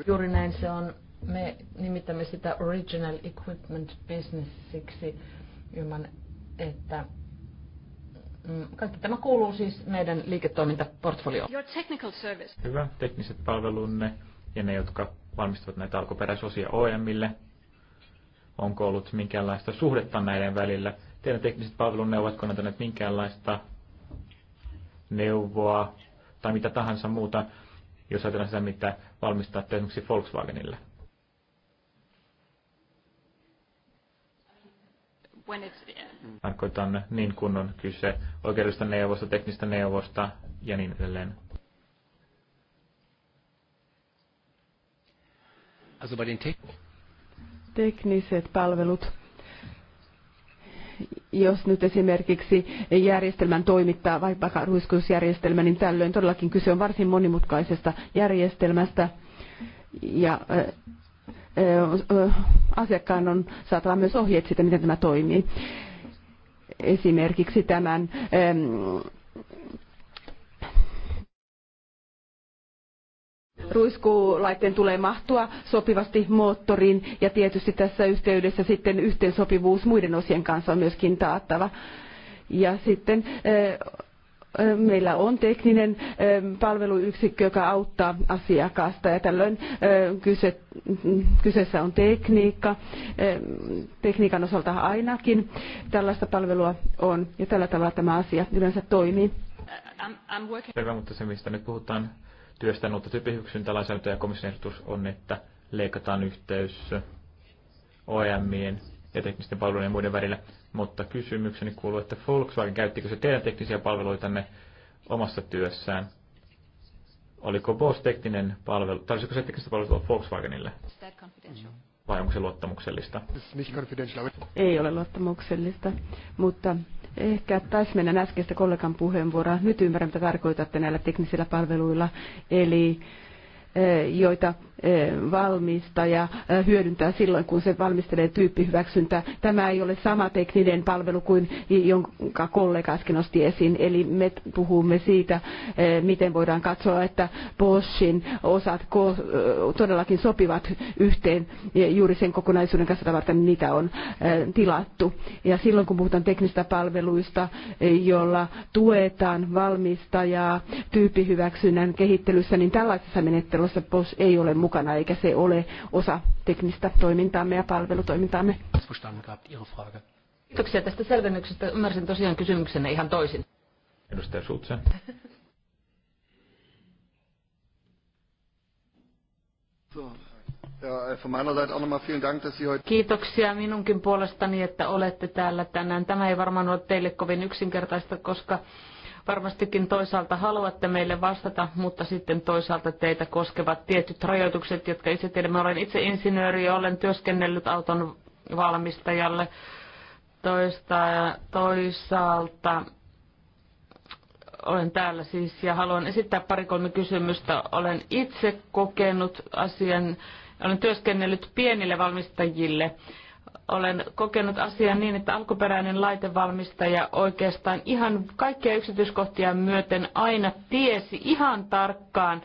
Juuri näin se on. Me nimittämme sitä original equipment businessiksi ilman, että Mm, kaikki tämä kuuluu siis meidän liiketoimintaportfolioon. Your technical service. Hyvä, tekniset palvelunne ja ne, jotka valmistavat näitä alkuperäisosia OEMille. Onko ollut minkäänlaista suhdetta näiden välillä? Teidän tekniset palvelunne ovatko antaneet minkäänlaista neuvoa tai mitä tahansa muuta, jos ajatellaan sitä, mitä valmistatte esimerkiksi Volkswagenille? When it's, Tarkoitan niin kun on kyse oikeudesta neuvosta, teknistä neuvosta ja niin edelleen. Tekniset palvelut jos nyt esimerkiksi järjestelmän toimittaa vaikka ruiskutusjärjestelmä, niin tällöin todellakin kyse on varsin monimutkaisesta järjestelmästä. Ja asiakkaan on saatava myös ohjeet siitä, miten tämä toimii esimerkiksi tämän ruiskulaitteen tulee mahtua sopivasti moottoriin ja tietysti tässä yhteydessä sitten yhteensopivuus muiden osien kanssa on myöskin taattava. Ja sitten eh, meillä on tekninen palveluyksikkö, joka auttaa asiakasta ja tällöin kyse, kyseessä on tekniikka. Tekniikan osalta ainakin tällaista palvelua on ja tällä tavalla tämä asia yleensä toimii. Selvä, mutta se mistä nyt puhutaan työstä, uutta tyyppihyksyntälaisäädäntöä ja komission ehdotus on, että leikataan yhteys OEMien ja teknisten palvelujen ja muiden välillä. Mutta kysymykseni kuuluu, että Volkswagen käyttikö se teidän teknisiä palveluitanne omassa työssään? Oliko Bose tekninen palvelu, olisiko se teknistä palvelua Volkswagenille? Vai onko se luottamuksellista? Ei ole luottamuksellista, mutta Ehkä taisi mennä äskeistä kollegan puheenvuoroa. Nyt ymmärrän, mitä tarkoitatte näillä teknisillä palveluilla, eli eh, joita valmistaja hyödyntää silloin, kun se valmistelee tyyppihyväksyntää. Tämä ei ole sama tekninen palvelu kuin jonka kollega äsken nosti esiin. Eli me puhumme siitä, miten voidaan katsoa, että Boschin osat todellakin sopivat yhteen juuri sen kokonaisuuden kanssa varten, niitä on tilattu. Ja silloin, kun puhutaan teknistä palveluista, jolla tuetaan valmistajaa tyyppihyväksynnän kehittelyssä, niin tällaisessa menettelyssä Bosch ei ole mukana mukana, eikä se ole osa teknistä toimintaamme ja palvelutoimintaamme. Kiitoksia tästä selvennyksestä. Ymmärsin tosiaan kysymyksenne ihan toisin. Edustaja Schulze. Kiitoksia minunkin puolestani, että olette täällä tänään. Tämä ei varmaan ole teille kovin yksinkertaista, koska varmastikin toisaalta haluatte meille vastata, mutta sitten toisaalta teitä koskevat tietyt rajoitukset, jotka itse tiedän. Mä olen itse insinööri ja olen työskennellyt auton valmistajalle. Toista, toisaalta olen täällä siis ja haluan esittää pari-kolme kysymystä. Olen itse kokenut asian, olen työskennellyt pienille valmistajille olen kokenut asian niin, että alkuperäinen laitevalmistaja oikeastaan ihan kaikkia yksityiskohtia myöten aina tiesi ihan tarkkaan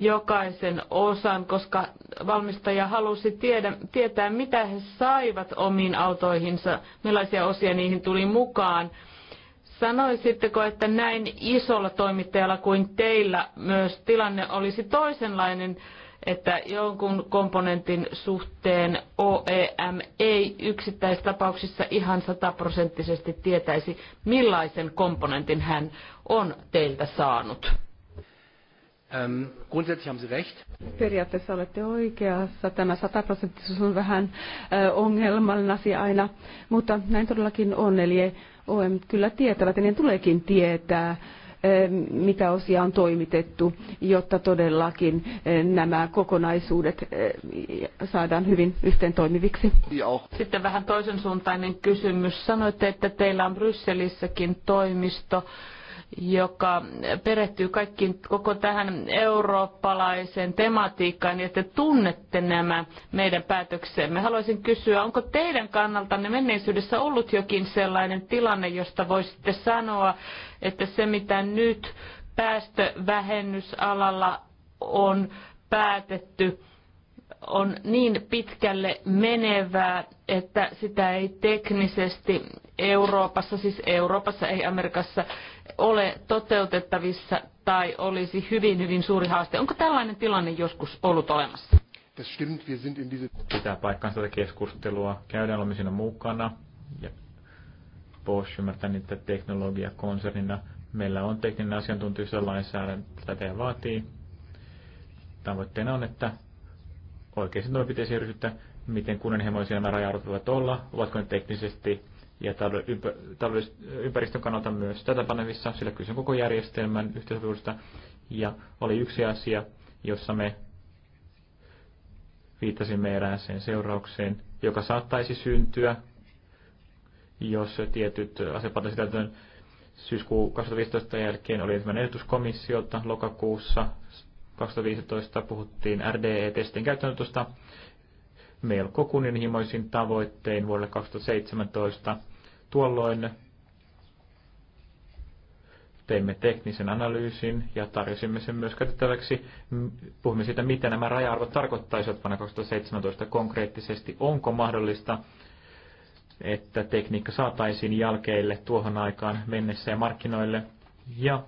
jokaisen osan, koska valmistaja halusi tiedä, tietää, mitä he saivat omiin autoihinsa, millaisia osia niihin tuli mukaan. Sanoisitteko, että näin isolla toimittajalla kuin teillä myös tilanne olisi toisenlainen, että jonkun komponentin suhteen OEM ei yksittäistapauksissa ihan sataprosenttisesti tietäisi, millaisen komponentin hän on teiltä saanut. Ähm, grundsätzlich haben Sie recht. Periaatteessa olette oikeassa. Tämä sataprosenttisuus on vähän äh, ongelmallinen asia aina, mutta näin todellakin on. Eli OEM kyllä tietävät, ja niin tuleekin tietää mitä osia on toimitettu, jotta todellakin nämä kokonaisuudet saadaan hyvin yhteen toimiviksi. Sitten vähän toisen suuntainen kysymys. Sanoitte, että teillä on Brysselissäkin toimisto joka perehtyy kaikkiin koko tähän eurooppalaiseen tematiikkaan, niin että tunnette nämä meidän päätöksemme. Haluaisin kysyä, onko teidän kannaltanne menneisyydessä ollut jokin sellainen tilanne, josta voisitte sanoa, että se mitä nyt päästövähennysalalla on päätetty, on niin pitkälle menevää, että sitä ei teknisesti Euroopassa, siis Euroopassa ei Amerikassa, ole toteutettavissa tai olisi hyvin, hyvin suuri haaste. Onko tällainen tilanne joskus ollut olemassa? Pitää paikkaansa tätä keskustelua. Käydään olemme siinä mukana. Ja Bosch ymmärtää niitä teknologiakonsernina. Meillä on tekninen asiantuntijuus ja lainsäädäntö tätä vaatii. Tavoitteena on, että oikeisiin toimenpiteisiin ryhdyttä, miten kunnianhimoisia nämä raja voivat olla, ovatko ne teknisesti ja ympäristön kannalta myös tätä panevissa, sillä kyse on koko järjestelmän yhteensopivuudesta. Ja oli yksi asia, jossa me viittasimme sen seuraukseen, joka saattaisi syntyä, jos tietyt asepantaisi täytön syyskuun 2015 jälkeen oli ensimmäinen ehdotus komissiolta lokakuussa 2015 puhuttiin RDE-testin käyttöönotosta melko kunnianhimoisin tavoittein vuodelle 2017. Tuolloin teimme teknisen analyysin ja tarjosimme sen myös käytettäväksi. Puhumme siitä, mitä nämä raja-arvot tarkoittaisivat vuonna 2017 konkreettisesti. Onko mahdollista, että tekniikka saataisiin jälkeille tuohon aikaan mennessä ja markkinoille? Ja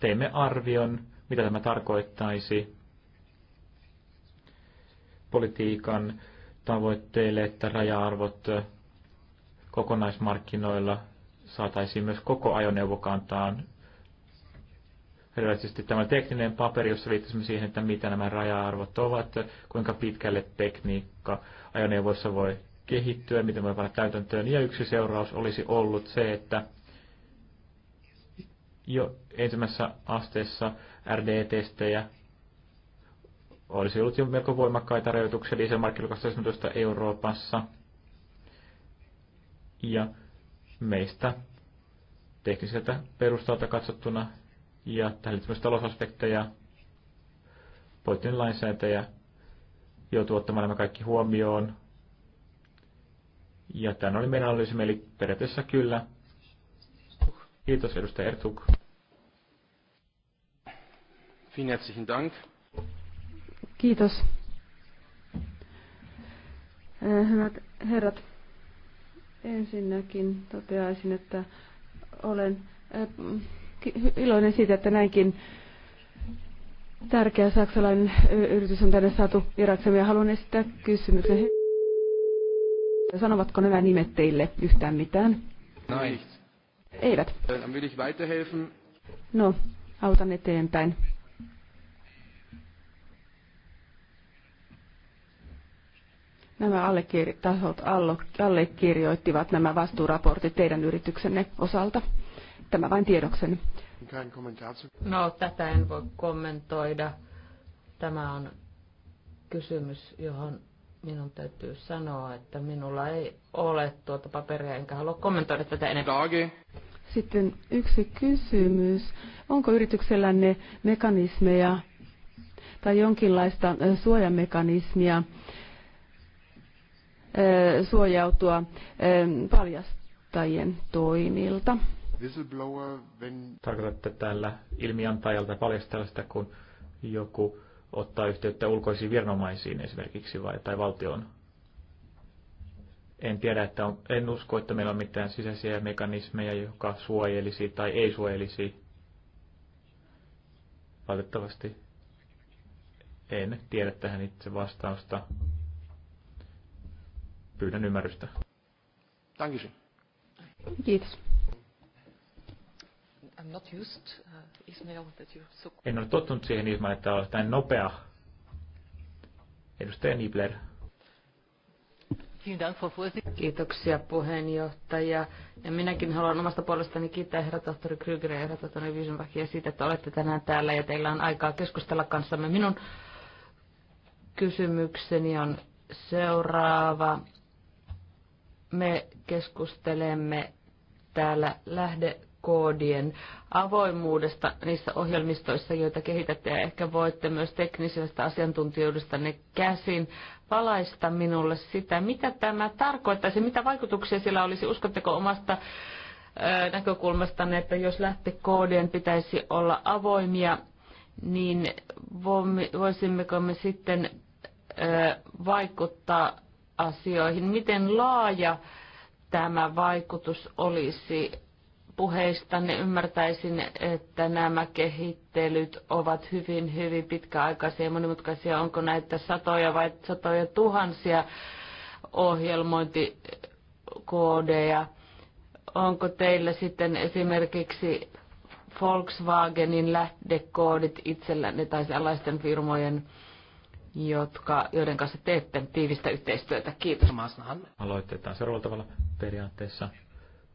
teimme arvion mitä tämä tarkoittaisi politiikan tavoitteille, että raja-arvot kokonaismarkkinoilla saataisiin myös koko ajoneuvokantaan. Erilaisesti tämä tekninen paperi, jossa viittasimme siihen, että mitä nämä raja-arvot ovat, kuinka pitkälle tekniikka ajoneuvoissa voi kehittyä, miten voi panna täytäntöön. Ja yksi seuraus olisi ollut se, että jo ensimmäisessä asteessa RD-testejä e olisi ollut jo melko voimakkaita rajoituksia dieselmarkkinoilla 2017 Euroopassa. Ja meistä tekniseltä perustalta katsottuna ja tähän liittyy myös talousaspekteja, poliittinen lainsäätäjä joutuu ottamaan nämä kaikki huomioon. Ja tämä oli meidän analyysimme, eli periaatteessa kyllä Kiitos edustaja Ertug. Dank. Kiitos. Äh, hyvät herrat, ensinnäkin toteaisin, että olen äh, iloinen siitä, että näinkin tärkeä saksalainen yritys on tänne saatu viraksemme ja haluan esittää kysymyksen. Sanovatko nämä nimet teille yhtään mitään? Näin. Eivät. No, autan eteenpäin. Nämä allekirjoittajat allekirjoittivat nämä vastuuraportit teidän yrityksenne osalta. Tämä vain tiedoksen. No, tätä en voi kommentoida. Tämä on kysymys, johon minun täytyy sanoa, että minulla ei ole tuota paperia, enkä halua kommentoida tätä enempää. Sitten yksi kysymys. Onko yrityksellänne mekanismeja tai jonkinlaista suojamekanismia suojautua paljastajien toimilta? Tarkoitatte tällä ilmiantajalta paljastajalta, kun joku ottaa yhteyttä ulkoisiin viranomaisiin esimerkiksi vai, tai valtioon. En tiedä, että on, en usko, että meillä on mitään sisäisiä mekanismeja, joka suojelisi tai ei suojelisi. Valitettavasti en tiedä tähän itse vastausta. Pyydän ymmärrystä. Kiitos. Kiitos. Uh, en ole tottunut siihen Ismail, että olet näin nopea. Edustaja Nibler. Kiitoksia puheenjohtaja. Ja minäkin haluan omasta puolestani kiittää herra tohtori Kryger ja herra tohtori Wiesenbachia siitä, että olette tänään täällä ja teillä on aikaa keskustella kanssamme. Minun kysymykseni on seuraava. Me keskustelemme täällä lähde koodien avoimuudesta niissä ohjelmistoissa, joita kehitätte, ja ehkä voitte myös teknisestä ne käsin valaista minulle sitä, mitä tämä tarkoittaisi, mitä vaikutuksia sillä olisi, uskotteko omasta näkökulmastanne, että jos lähtökoodien pitäisi olla avoimia, niin voisimmeko me sitten vaikuttaa asioihin? Miten laaja tämä vaikutus olisi puheistanne niin ymmärtäisin, että nämä kehittelyt ovat hyvin, hyvin pitkäaikaisia ja monimutkaisia. Onko näitä satoja vai satoja tuhansia ohjelmointikoodeja? Onko teillä sitten esimerkiksi Volkswagenin lähdekoodit itsellänne tai sellaisten firmojen, jotka, joiden kanssa teette tiivistä yhteistyötä? Kiitos. Aloitetaan seuraavalla tavalla periaatteessa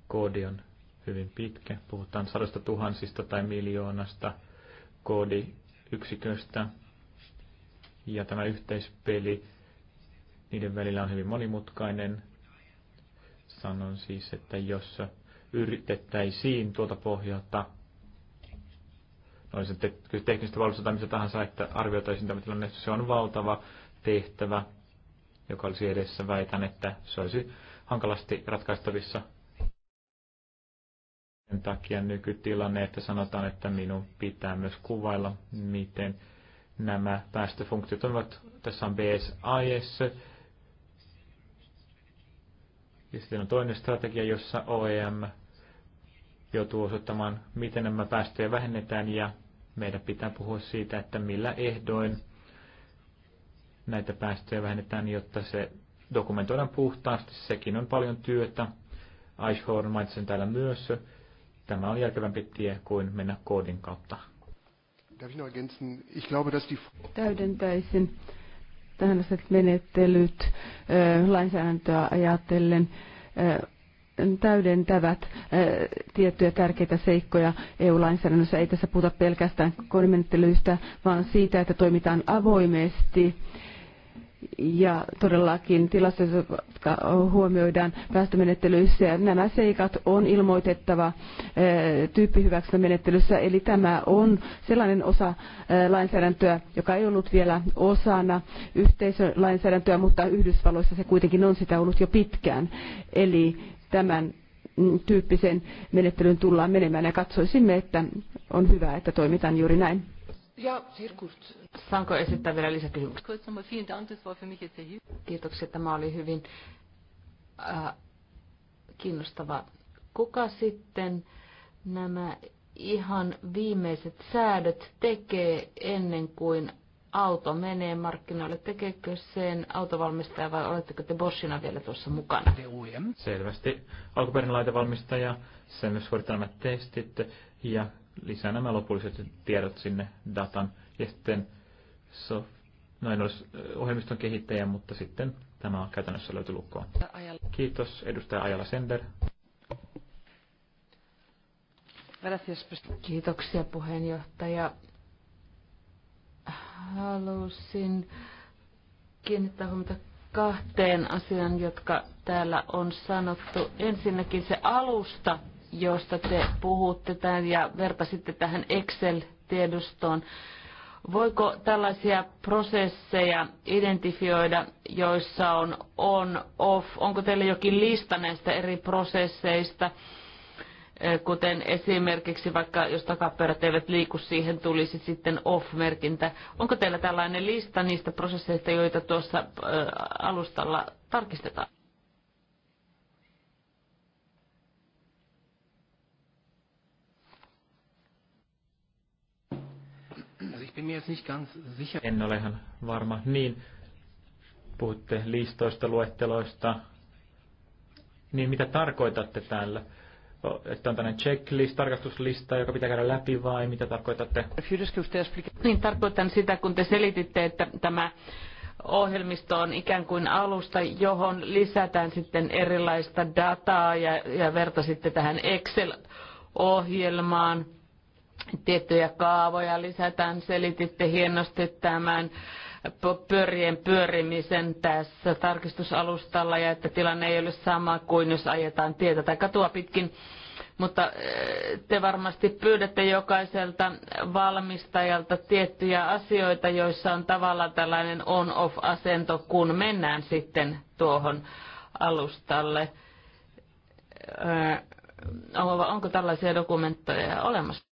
koodi on hyvin pitkä. Puhutaan sadasta tuhansista tai miljoonasta koodiyksiköstä. Ja tämä yhteispeli niiden välillä on hyvin monimutkainen. Sanon siis, että jos yritettäisiin tuota pohjalta, no se teknistä valossa, tai mitä tahansa, että arvioitaisiin tämä tilanne, se on valtava tehtävä, joka olisi edessä. Väitän, että se olisi hankalasti ratkaistavissa sen takia nykytilanne, että sanotaan, että minun pitää myös kuvailla, miten nämä päästöfunktiot ovat. Tässä on BSIS. Ja sitten on toinen strategia, jossa OEM joutuu osoittamaan, miten nämä päästöjä vähennetään ja meidän pitää puhua siitä, että millä ehdoin näitä päästöjä vähennetään, jotta se dokumentoidaan puhtaasti. Sekin on paljon työtä. Eichhorn mainitsen täällä myös. Tämä on järkevämpi tie kuin mennä koodin kautta. Täydentäisin tällaiset menettelyt äh, lainsäädäntöä ajatellen äh, täydentävät äh, tiettyjä tärkeitä seikkoja EU-lainsäädännössä. Ei tässä puhuta pelkästään koodimenettelyistä, vaan siitä, että toimitaan avoimesti ja todellakin tilastoissa, jotka huomioidaan päästömenettelyissä. Ja nämä seikat on ilmoitettava eh, tyyppihyväksyntämenettelyssä, eli tämä on sellainen osa eh, lainsäädäntöä, joka ei ollut vielä osana yhteisölainsäädäntöä, mutta Yhdysvalloissa se kuitenkin on sitä ollut jo pitkään. Eli tämän mm, tyyppisen menettelyn tullaan menemään ja katsoisimme, että on hyvä, että toimitaan juuri näin. Ja, sehr gut. Saanko esittää vielä lisäkysymyksiä? Kiitoksia, tämä oli hyvin äh, kiinnostava. Kuka sitten nämä ihan viimeiset säädöt tekee ennen kuin auto menee markkinoille? Tekeekö sen autovalmistaja vai oletteko te Boschina vielä tuossa mukana? Selvästi alkuperäinen laitevalmistaja, sen myös suorittaa nämä testit ja lisää nämä lopulliset tiedot sinne datan. Ja sitten so, no en olisi ohjelmiston kehittäjä, mutta sitten tämä on käytännössä löyty lukkoon. Kiitos edustaja Ajala Sender. Kiitoksia puheenjohtaja. Halusin kiinnittää huomiota kahteen asiaan, jotka täällä on sanottu. Ensinnäkin se alusta josta te puhutte tämän ja vertasitte tähän Excel-tiedostoon. Voiko tällaisia prosesseja identifioida, joissa on on, off? Onko teillä jokin lista näistä eri prosesseista, eh, kuten esimerkiksi vaikka jos takaperät eivät liiku, siihen tulisi sitten off-merkintä. Onko teillä tällainen lista niistä prosesseista, joita tuossa eh, alustalla tarkistetaan? En ole ihan varma. Niin, puhutte listoista, luetteloista. Niin mitä tarkoitatte täällä Että on tämmöinen checklist, tarkastuslista, joka pitää käydä läpi vai mitä tarkoitatte? Niin tarkoitan sitä, kun te selititte, että tämä ohjelmisto on ikään kuin alusta, johon lisätään sitten erilaista dataa ja, ja vertasitte tähän Excel-ohjelmaan tiettyjä kaavoja lisätään. Selititte hienosti tämän pörien pyörimisen tässä tarkistusalustalla ja että tilanne ei ole sama kuin jos ajetaan tietä tai katua pitkin. Mutta eh, te varmasti pyydätte jokaiselta valmistajalta tiettyjä asioita, joissa on tavallaan tällainen on-off-asento, kun mennään sitten tuohon alustalle. Eh, onko tällaisia dokumentteja olemassa?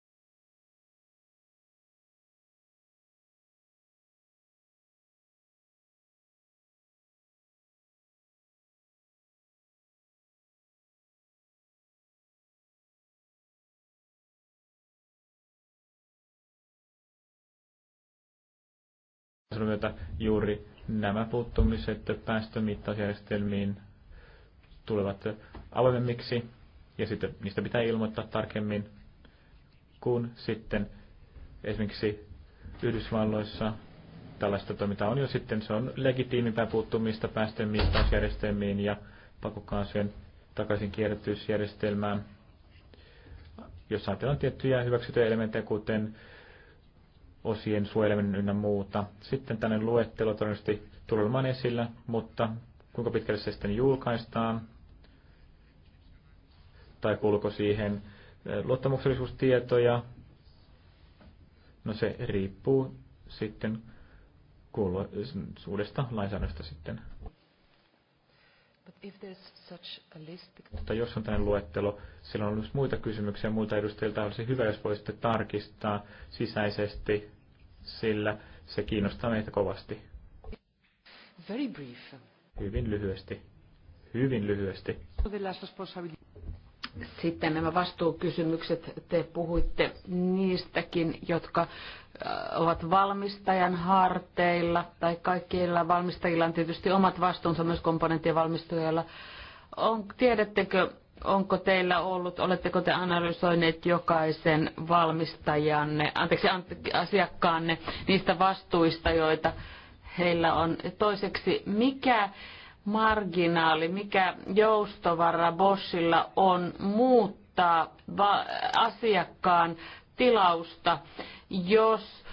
myötä juuri nämä puuttumiset päästömittausjärjestelmiin tulevat avoimemmiksi ja sitten niistä pitää ilmoittaa tarkemmin, kuin sitten esimerkiksi Yhdysvalloissa tällaista toimintaa on jo sitten, se on legitiimimpää puuttumista mittausjärjestelmiin ja pakokaasujen takaisin kierrätysjärjestelmään. Jos ajatellaan tiettyjä hyväksytyjä elementtejä, kuten osien suojeleminen ynnä muuta. Sitten tänne luettelo todennäköisesti tulee olemaan esillä, mutta kuinka pitkälle se sitten julkaistaan, tai kuuluuko siihen eh, luottamuksellisuustietoja, no se riippuu sitten kuulu- uudesta lainsäädännöstä sitten. Mutta jos on tällainen luettelo, silloin on myös muita kysymyksiä muilta edustajilta. Olisi hyvä, jos voisitte tarkistaa sisäisesti, sillä se kiinnostaa meitä kovasti. Very brief. Hyvin lyhyesti. Hyvin lyhyesti. Sitten nämä vastuukysymykset, te puhuitte niistäkin, jotka ovat valmistajan harteilla, tai kaikilla valmistajilla on tietysti omat vastuunsa myös komponenttien valmistajilla. On, tiedättekö, onko teillä ollut, oletteko te analysoineet jokaisen valmistajanne, anteeksi, asiakkaanne niistä vastuista, joita heillä on. Toiseksi, mikä marginaali, mikä joustovara Boschilla on muuttaa asiakkaan tilausta jos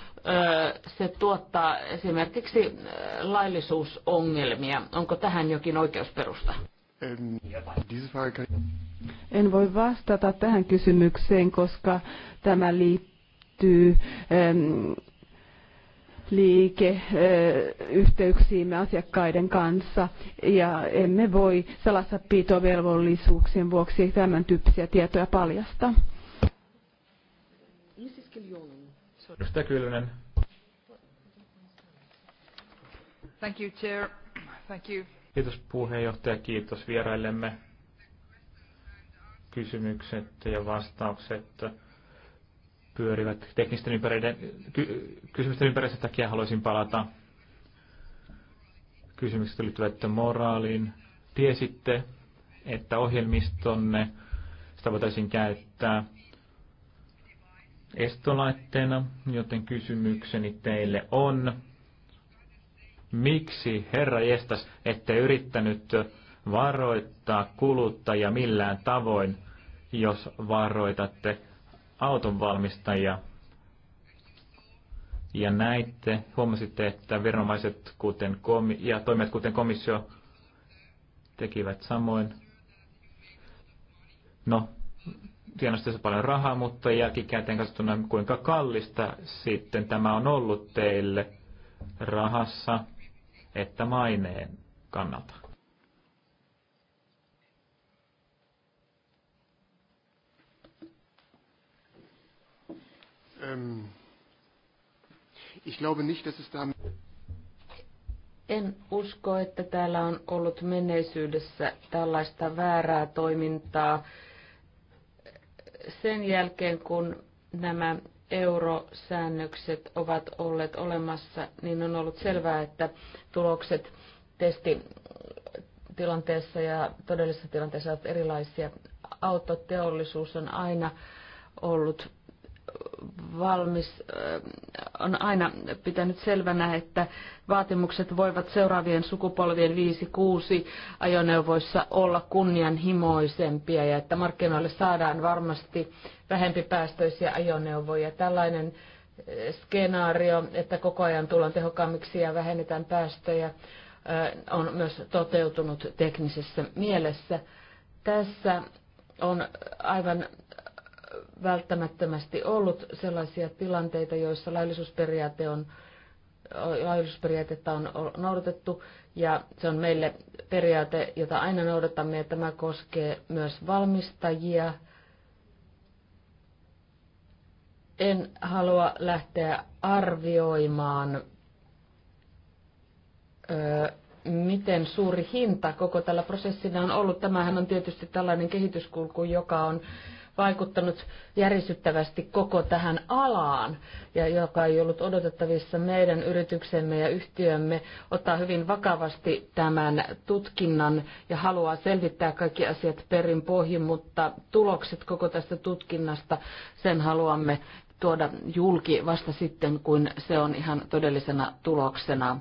se tuottaa esimerkiksi laillisuusongelmia. Onko tähän jokin oikeusperusta? En voi vastata tähän kysymykseen, koska tämä liittyy liikeyhteyksiimme asiakkaiden kanssa ja emme voi salassapitovelvollisuuksien vuoksi tämän tyyppisiä tietoja paljastaa. Edustaja Kyllönen. Thank you, Chair. Thank you. Kiitos puheenjohtaja, kiitos vieraillemme. Kysymykset ja vastaukset pyörivät teknisten ympäröiden, ky, kysymysten ympärissä takia haluaisin palata. Kysymykset liittyvät moraaliin. Tiesitte, että ohjelmistonne sitä voitaisiin käyttää estolaitteena, joten kysymykseni teille on, miksi herra jestas, ette yrittänyt varoittaa kuluttajia millään tavoin, jos varoitatte autonvalmistajia? Ja näitte, huomasitte, että viranomaiset kuten komi- ja toimijat kuten komissio tekivät samoin. No, tienostessa paljon rahaa, mutta jälkikäteen katsottuna kuinka kallista sitten tämä on ollut teille rahassa että maineen kannalta. Ähm, en usko, että täällä on ollut menneisyydessä tällaista väärää toimintaa sen jälkeen, kun nämä eurosäännökset ovat olleet olemassa, niin on ollut selvää, että tulokset testitilanteessa ja todellisessa tilanteessa ovat erilaisia. Autoteollisuus on aina ollut valmis, äh, on aina pitänyt selvänä, että vaatimukset voivat seuraavien sukupolvien 5-6 ajoneuvoissa olla kunnianhimoisempia ja että markkinoille saadaan varmasti vähempipäästöisiä ajoneuvoja. Tällainen äh, skenaario, että koko ajan tullaan tehokkaammiksi ja vähennetään päästöjä, äh, on myös toteutunut teknisessä mielessä. Tässä on aivan välttämättömästi ollut sellaisia tilanteita, joissa laillisuusperiaate on, laillisuusperiaatetta on noudatettu ja se on meille periaate, jota aina noudatamme ja tämä koskee myös valmistajia. En halua lähteä arvioimaan, miten suuri hinta koko tällä prosessilla on ollut. Tämähän on tietysti tällainen kehityskulku, joka on vaikuttanut järisyttävästi koko tähän alaan, ja joka ei ollut odotettavissa meidän yrityksemme ja yhtiömme, ottaa hyvin vakavasti tämän tutkinnan ja haluaa selvittää kaikki asiat perin pohjin, mutta tulokset koko tästä tutkinnasta, sen haluamme tuoda julki vasta sitten, kun se on ihan todellisena tuloksena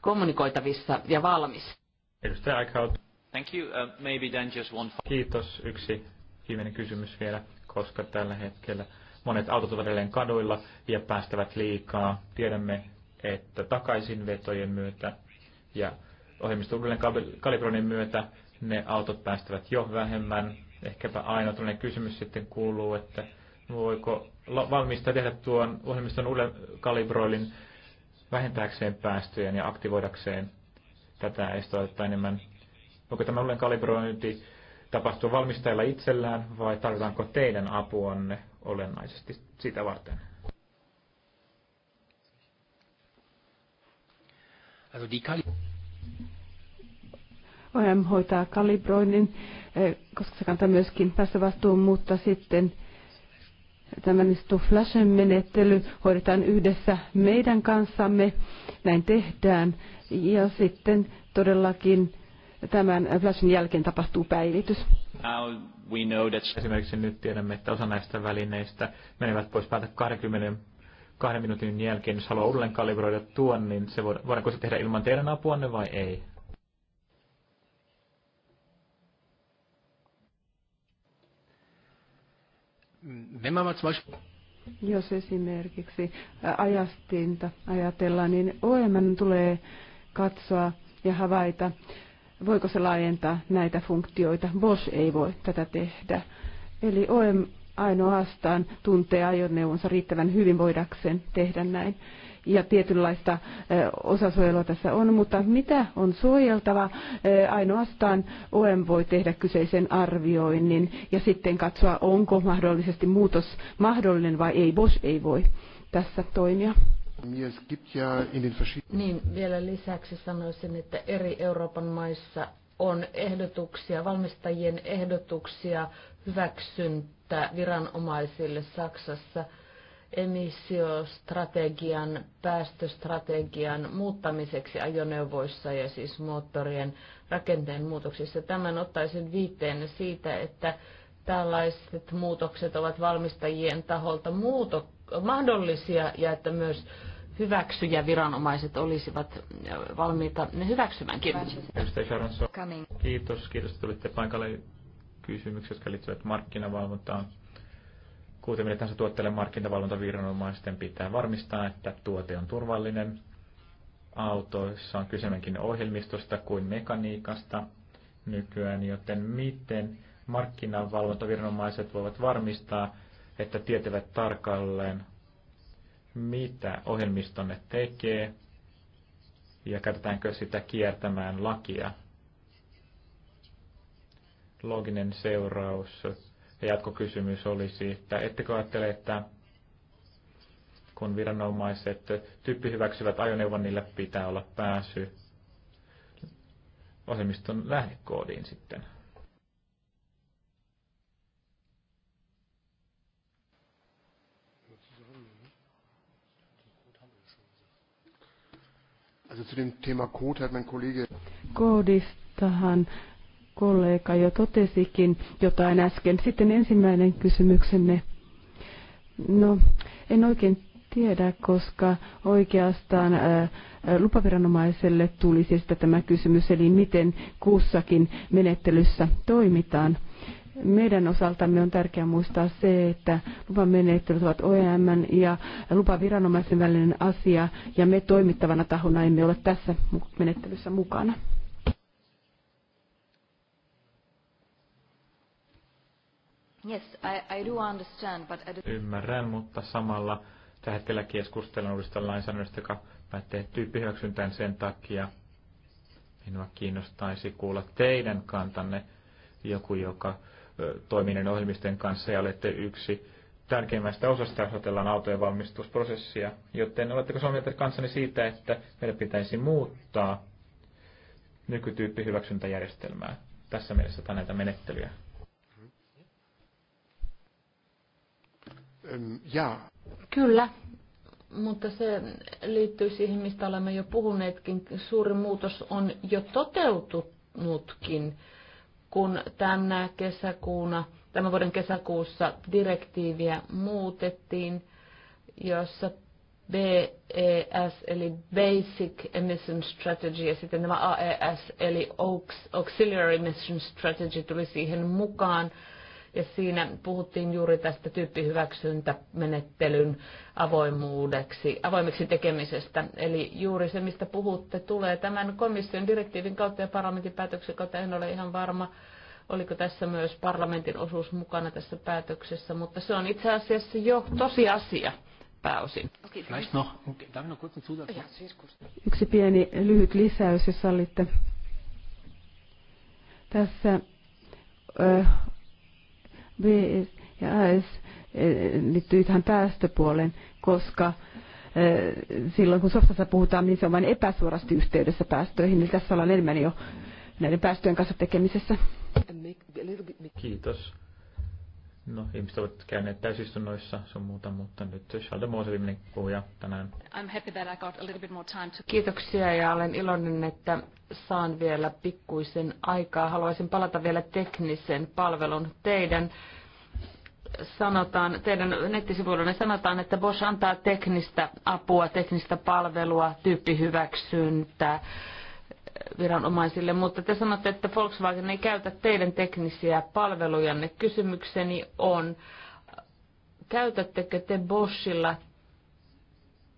kommunikoitavissa ja valmis. Thank you. Uh, maybe then just one... Kiitos. Yksi viimeinen kysymys vielä, koska tällä hetkellä monet autot ovat edelleen kaduilla ja päästävät liikaa. Tiedämme, että takaisinvetojen myötä ja ohjelmiston uudelleen kalibroinnin myötä ne autot päästävät jo vähemmän. Ehkäpä aina tällainen kysymys sitten kuuluu, että voiko valmistaa tehdä tuon ohjelmiston uuden kalibroilin vähentääkseen päästöjen ja aktivoidakseen tätä estoa enemmän. Onko tämä uuden kalibrointi tapahtua valmistajilla itsellään vai tarvitaanko teidän apuanne olennaisesti sitä varten? OM hoitaa kalibroinnin, eh, koska se kantaa myöskin päästövastuun, mutta sitten tämä flashen menettely hoidetaan yhdessä meidän kanssamme, näin tehdään. Ja sitten todellakin tämän flashin jälkeen tapahtuu päivitys. Esimerkiksi nyt tiedämme, että osa näistä välineistä menevät pois päältä 20 kahden minuutin jälkeen, jos haluaa uudelleen kalibroida tuon, niin se voida, voidaanko se tehdä ilman teidän apuanne vai ei? Jos esimerkiksi ajastinta ajatellaan, niin OM tulee katsoa ja havaita voiko se laajentaa näitä funktioita. BOS ei voi tätä tehdä. Eli OM ainoastaan tuntee ajoneuvonsa riittävän hyvin voidakseen tehdä näin. Ja tietynlaista osasuojelua tässä on, mutta mitä on suojeltava? Ainoastaan OM voi tehdä kyseisen arvioinnin ja sitten katsoa, onko mahdollisesti muutos mahdollinen vai ei. BOS ei voi tässä toimia. Niin, niin, vielä lisäksi sanoisin, että eri Euroopan maissa on ehdotuksia, valmistajien ehdotuksia hyväksyntä viranomaisille Saksassa emissiostrategian, päästöstrategian muuttamiseksi ajoneuvoissa ja siis moottorien rakenteen muutoksissa. Tämän ottaisin viitteen siitä, että tällaiset muutokset ovat valmistajien taholta muutokset mahdollisia ja että myös hyväksyjä viranomaiset olisivat valmiita ne hyväksymäänkin. Kiitos, kiitos, että tulitte paikalle kysymyksiä, jotka liittyvät markkinavalvontaan. Kuten millä tahansa tuotteelle markkinavalvontaviranomaisten pitää varmistaa, että tuote on turvallinen. Autoissa on kysymäkin ohjelmistosta kuin mekaniikasta nykyään, joten miten markkinavalvontaviranomaiset voivat varmistaa, että tietävät tarkalleen, mitä ohjelmistonne tekee ja käytetäänkö sitä kiertämään lakia. Loginen seuraus ja jatkokysymys olisi, että ettekö ajattele, että kun viranomaiset tyyppi hyväksyvät ajoneuvon, niillä pitää olla pääsy ohjelmiston lähdekoodiin sitten. Also zu dem Thema Code hat mein Kollege... kollega jo totesikin jotain äsken. Sitten ensimmäinen kysymyksenne. No, en oikein tiedä, koska oikeastaan ää, lupaviranomaiselle tulisi sitä tämä kysymys, eli miten kuussakin menettelyssä toimitaan. Meidän osaltamme on tärkeää muistaa se, että lupamenettelyt ovat OEM ja lupaviranomaisen välinen asia, ja me toimittavana tahona emme ole tässä menettelyssä mukana. Yes, I, I do understand, but I do... Ymmärrän, mutta samalla tällä hetkellä keskustellaan uudesta lainsäädännöstä, joka päättää tyyppihyväksyntään sen takia. Minua kiinnostaisi kuulla teidän kantanne joku, joka toiminen ohjelmisten kanssa ja olette yksi tärkeimmästä osasta, jos ajatellaan autojen valmistusprosessia. Joten oletteko samaa mieltä kanssani siitä, että meidän pitäisi muuttaa nykytyyppi hyväksyntäjärjestelmää tässä mielessä tai näitä menettelyjä? Kyllä, mutta se liittyy siihen, mistä olemme jo puhuneetkin. Suuri muutos on jo toteutunutkin kun tänä kesäkuuna, tämän vuoden kesäkuussa direktiiviä muutettiin, jossa BES eli Basic Emission Strategy ja sitten nämä AES eli Auxiliary Emission Strategy tuli siihen mukaan ja siinä puhuttiin juuri tästä tyyppihyväksyntämenettelyn avoimuudeksi, avoimeksi tekemisestä. Eli juuri se, mistä puhutte, tulee tämän komission direktiivin kautta ja parlamentin päätöksen kautta. En ole ihan varma, oliko tässä myös parlamentin osuus mukana tässä päätöksessä, mutta se on itse asiassa jo tosiasia pääosin. Yksi pieni lyhyt lisäys, jos sallitte. Tässä B ja AS eh, liittyy tähän päästöpuolen, koska eh, silloin kun softassa puhutaan, niin se on vain epäsuorasti yhteydessä päästöihin, niin tässä ollaan enemmän jo näiden päästöjen kanssa tekemisessä. Kiitos. No, ihmiset ovat käyneet täysistunnoissa sun muuta, mutta nyt Shalda Moose viimeinen puhuja tänään. I'm happy that I got a little bit more time to... Kiitoksia ja olen iloinen, että saan vielä pikkuisen aikaa. Haluaisin palata vielä teknisen palvelun teidän sanotaan, teidän nettisivuillanne sanotaan, että Bosch antaa teknistä apua, teknistä palvelua, tyyppihyväksyntää viranomaisille, mutta te sanotte, että Volkswagen ei käytä teidän teknisiä palvelujanne. Kysymykseni on, käytättekö te Boschilla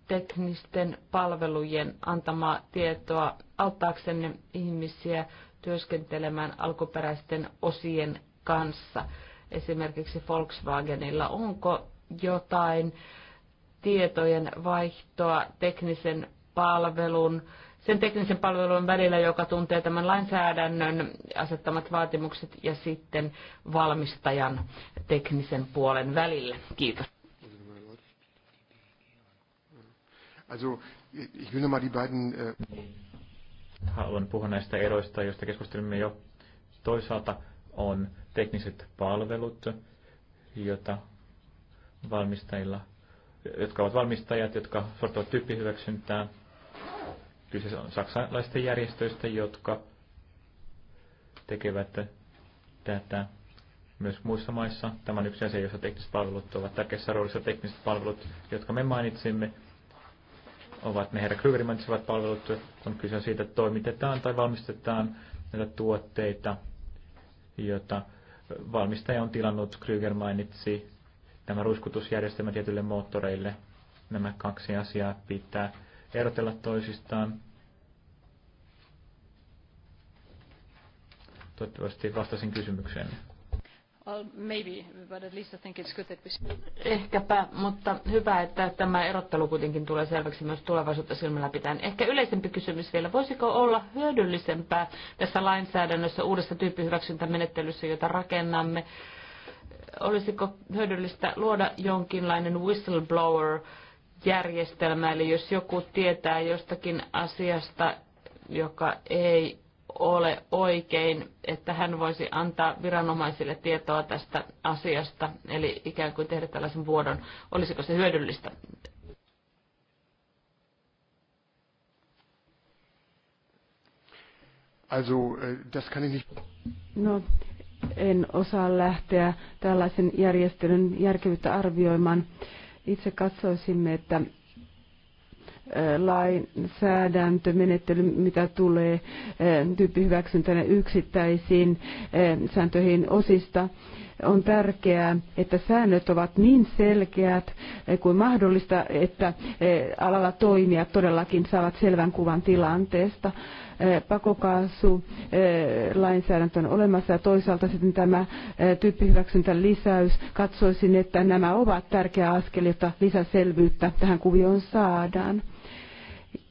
teknisten palvelujen antamaa tietoa auttaaksenne ihmisiä työskentelemään alkuperäisten osien kanssa, esimerkiksi Volkswagenilla? Onko jotain tietojen vaihtoa teknisen palvelun sen teknisen palvelun välillä, joka tuntee tämän lainsäädännön asettamat vaatimukset ja sitten valmistajan teknisen puolen välillä. Kiitos. Also, ich will nochmal die beiden, äh Haluan puhua näistä eroista, joista keskustelimme jo. Toisaalta on tekniset palvelut, joita valmistajilla, jotka ovat valmistajat, jotka suorittavat tyyppihyväksyntää Kyse on saksalaisten järjestöistä, jotka tekevät tätä myös muissa maissa. Tämä on yksi asia, jossa tekniset palvelut ovat tärkeässä roolissa. Tekniset palvelut, jotka me mainitsimme, ovat ne herra Krygerin mainitsevat palvelut, kun kyse on siitä, että toimitetaan tai valmistetaan näitä tuotteita, joita valmistaja on tilannut. Kryger mainitsi tämä ruiskutusjärjestelmä tietyille moottoreille. Nämä kaksi asiaa pitää erotella toisistaan. Toivottavasti vastasin kysymykseen. Well, maybe, but at least I think it's good that we... Ehkäpä, mutta hyvä, että tämä erottelu kuitenkin tulee selväksi myös tulevaisuutta silmällä pitäen. Ehkä yleisempi kysymys vielä. Voisiko olla hyödyllisempää tässä lainsäädännössä uudessa tyyppihyväksyntämenettelyssä, jota rakennamme? Olisiko hyödyllistä luoda jonkinlainen whistleblower, järjestelmä. Eli jos joku tietää jostakin asiasta, joka ei ole oikein, että hän voisi antaa viranomaisille tietoa tästä asiasta, eli ikään kuin tehdä tällaisen vuodon. Olisiko se hyödyllistä? Also, äh, das kann ich nicht... No, en osaa lähteä tällaisen järjestelyn järkevyyttä arvioimaan. Äh, itse katsoisimme, että lainsäädäntömenettely, mitä tulee tyyppihyväksyntänä yksittäisiin sääntöihin osista, on tärkeää, että säännöt ovat niin selkeät kuin mahdollista, että e, alalla toimijat todellakin saavat selvän kuvan tilanteesta. E, pakokaasu e, lainsäädäntö on olemassa ja toisaalta sitten tämä lisäys. Katsoisin, että nämä ovat tärkeä askel, jotta lisäselvyyttä tähän kuvioon saadaan.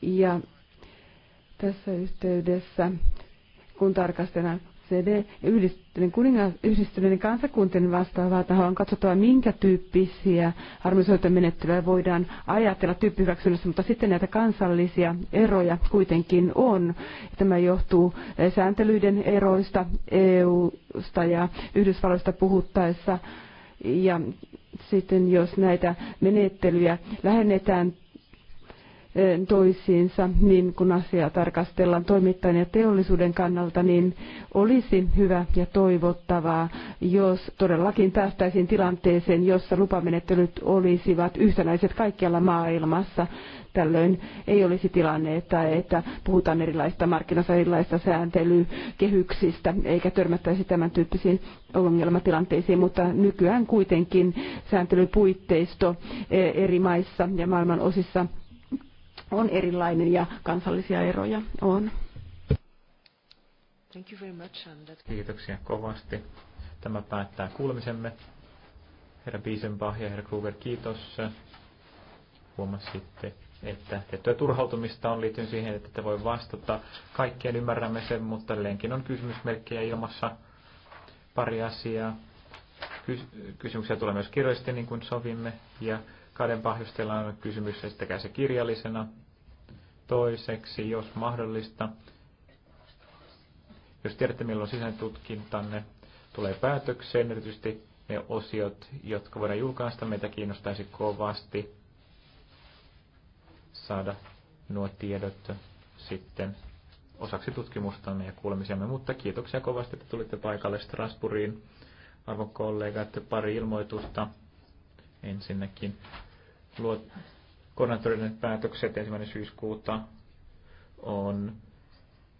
Ja tässä yhteydessä kun tarkastellaan OECD, yhdistyneiden, kuningas, yhdistyneiden kansakuntien vastaavaa tahoa on katsottava, minkä tyyppisiä harmonisointimenettelyjä voidaan ajatella tyyppihyväksynnässä, mutta sitten näitä kansallisia eroja kuitenkin on. Tämä johtuu sääntelyiden eroista EU-sta ja Yhdysvalloista puhuttaessa. Ja sitten jos näitä menettelyjä lähennetään toisiinsa, niin kun asiaa tarkastellaan toimittajan ja teollisuuden kannalta, niin olisi hyvä ja toivottavaa, jos todellakin päästäisiin tilanteeseen, jossa lupamenettelyt olisivat yhtenäiset kaikkialla maailmassa. Tällöin ei olisi tilanne, että, että puhutaan erilaista markkinassa erilaista sääntelykehyksistä, eikä törmättäisi tämän tyyppisiin ongelmatilanteisiin, mutta nykyään kuitenkin sääntelypuitteisto e, eri maissa ja maailman osissa – on erilainen ja kansallisia eroja on. Thank you very much, Kiitoksia kovasti. Tämä päättää kuulemisemme. Herra Biesenbach ja herra Kruger, kiitos. Huomasitte, että tiettyä turhautumista on liittyen siihen, että te voi vastata. Kaikkien ymmärrämme sen, mutta lenkin on kysymysmerkkejä ilmassa. Pari asiaa. Kysymyksiä tulee myös kirjallisesti, niin kuin sovimme. Ja Kahden pahjustella on kysymys, esittäkää se kirjallisena. Toiseksi, jos mahdollista, jos tiedätte milloin sisäinen tutkintanne tulee päätökseen, erityisesti ne osiot, jotka voidaan julkaista, meitä kiinnostaisi kovasti saada nuo tiedot sitten osaksi tutkimustamme ja kuulemisiamme. Mutta kiitoksia kovasti, että tulitte paikalle Strasbourgiin, arvon kollegat, pari ilmoitusta ensinnäkin luot koordinaattorinen päätökset ensimmäinen syyskuuta on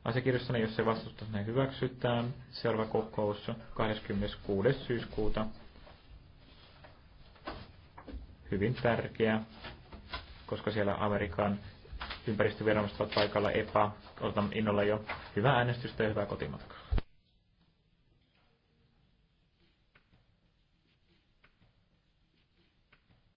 asiakirjassa, jos se vastustus näin hyväksytään. Seuraava kokous 26. syyskuuta. Hyvin tärkeä, koska siellä Amerikan ympäristöviranomaiset ovat paikalla EPA. Otan innolla jo hyvää äänestystä ja hyvää kotimaata.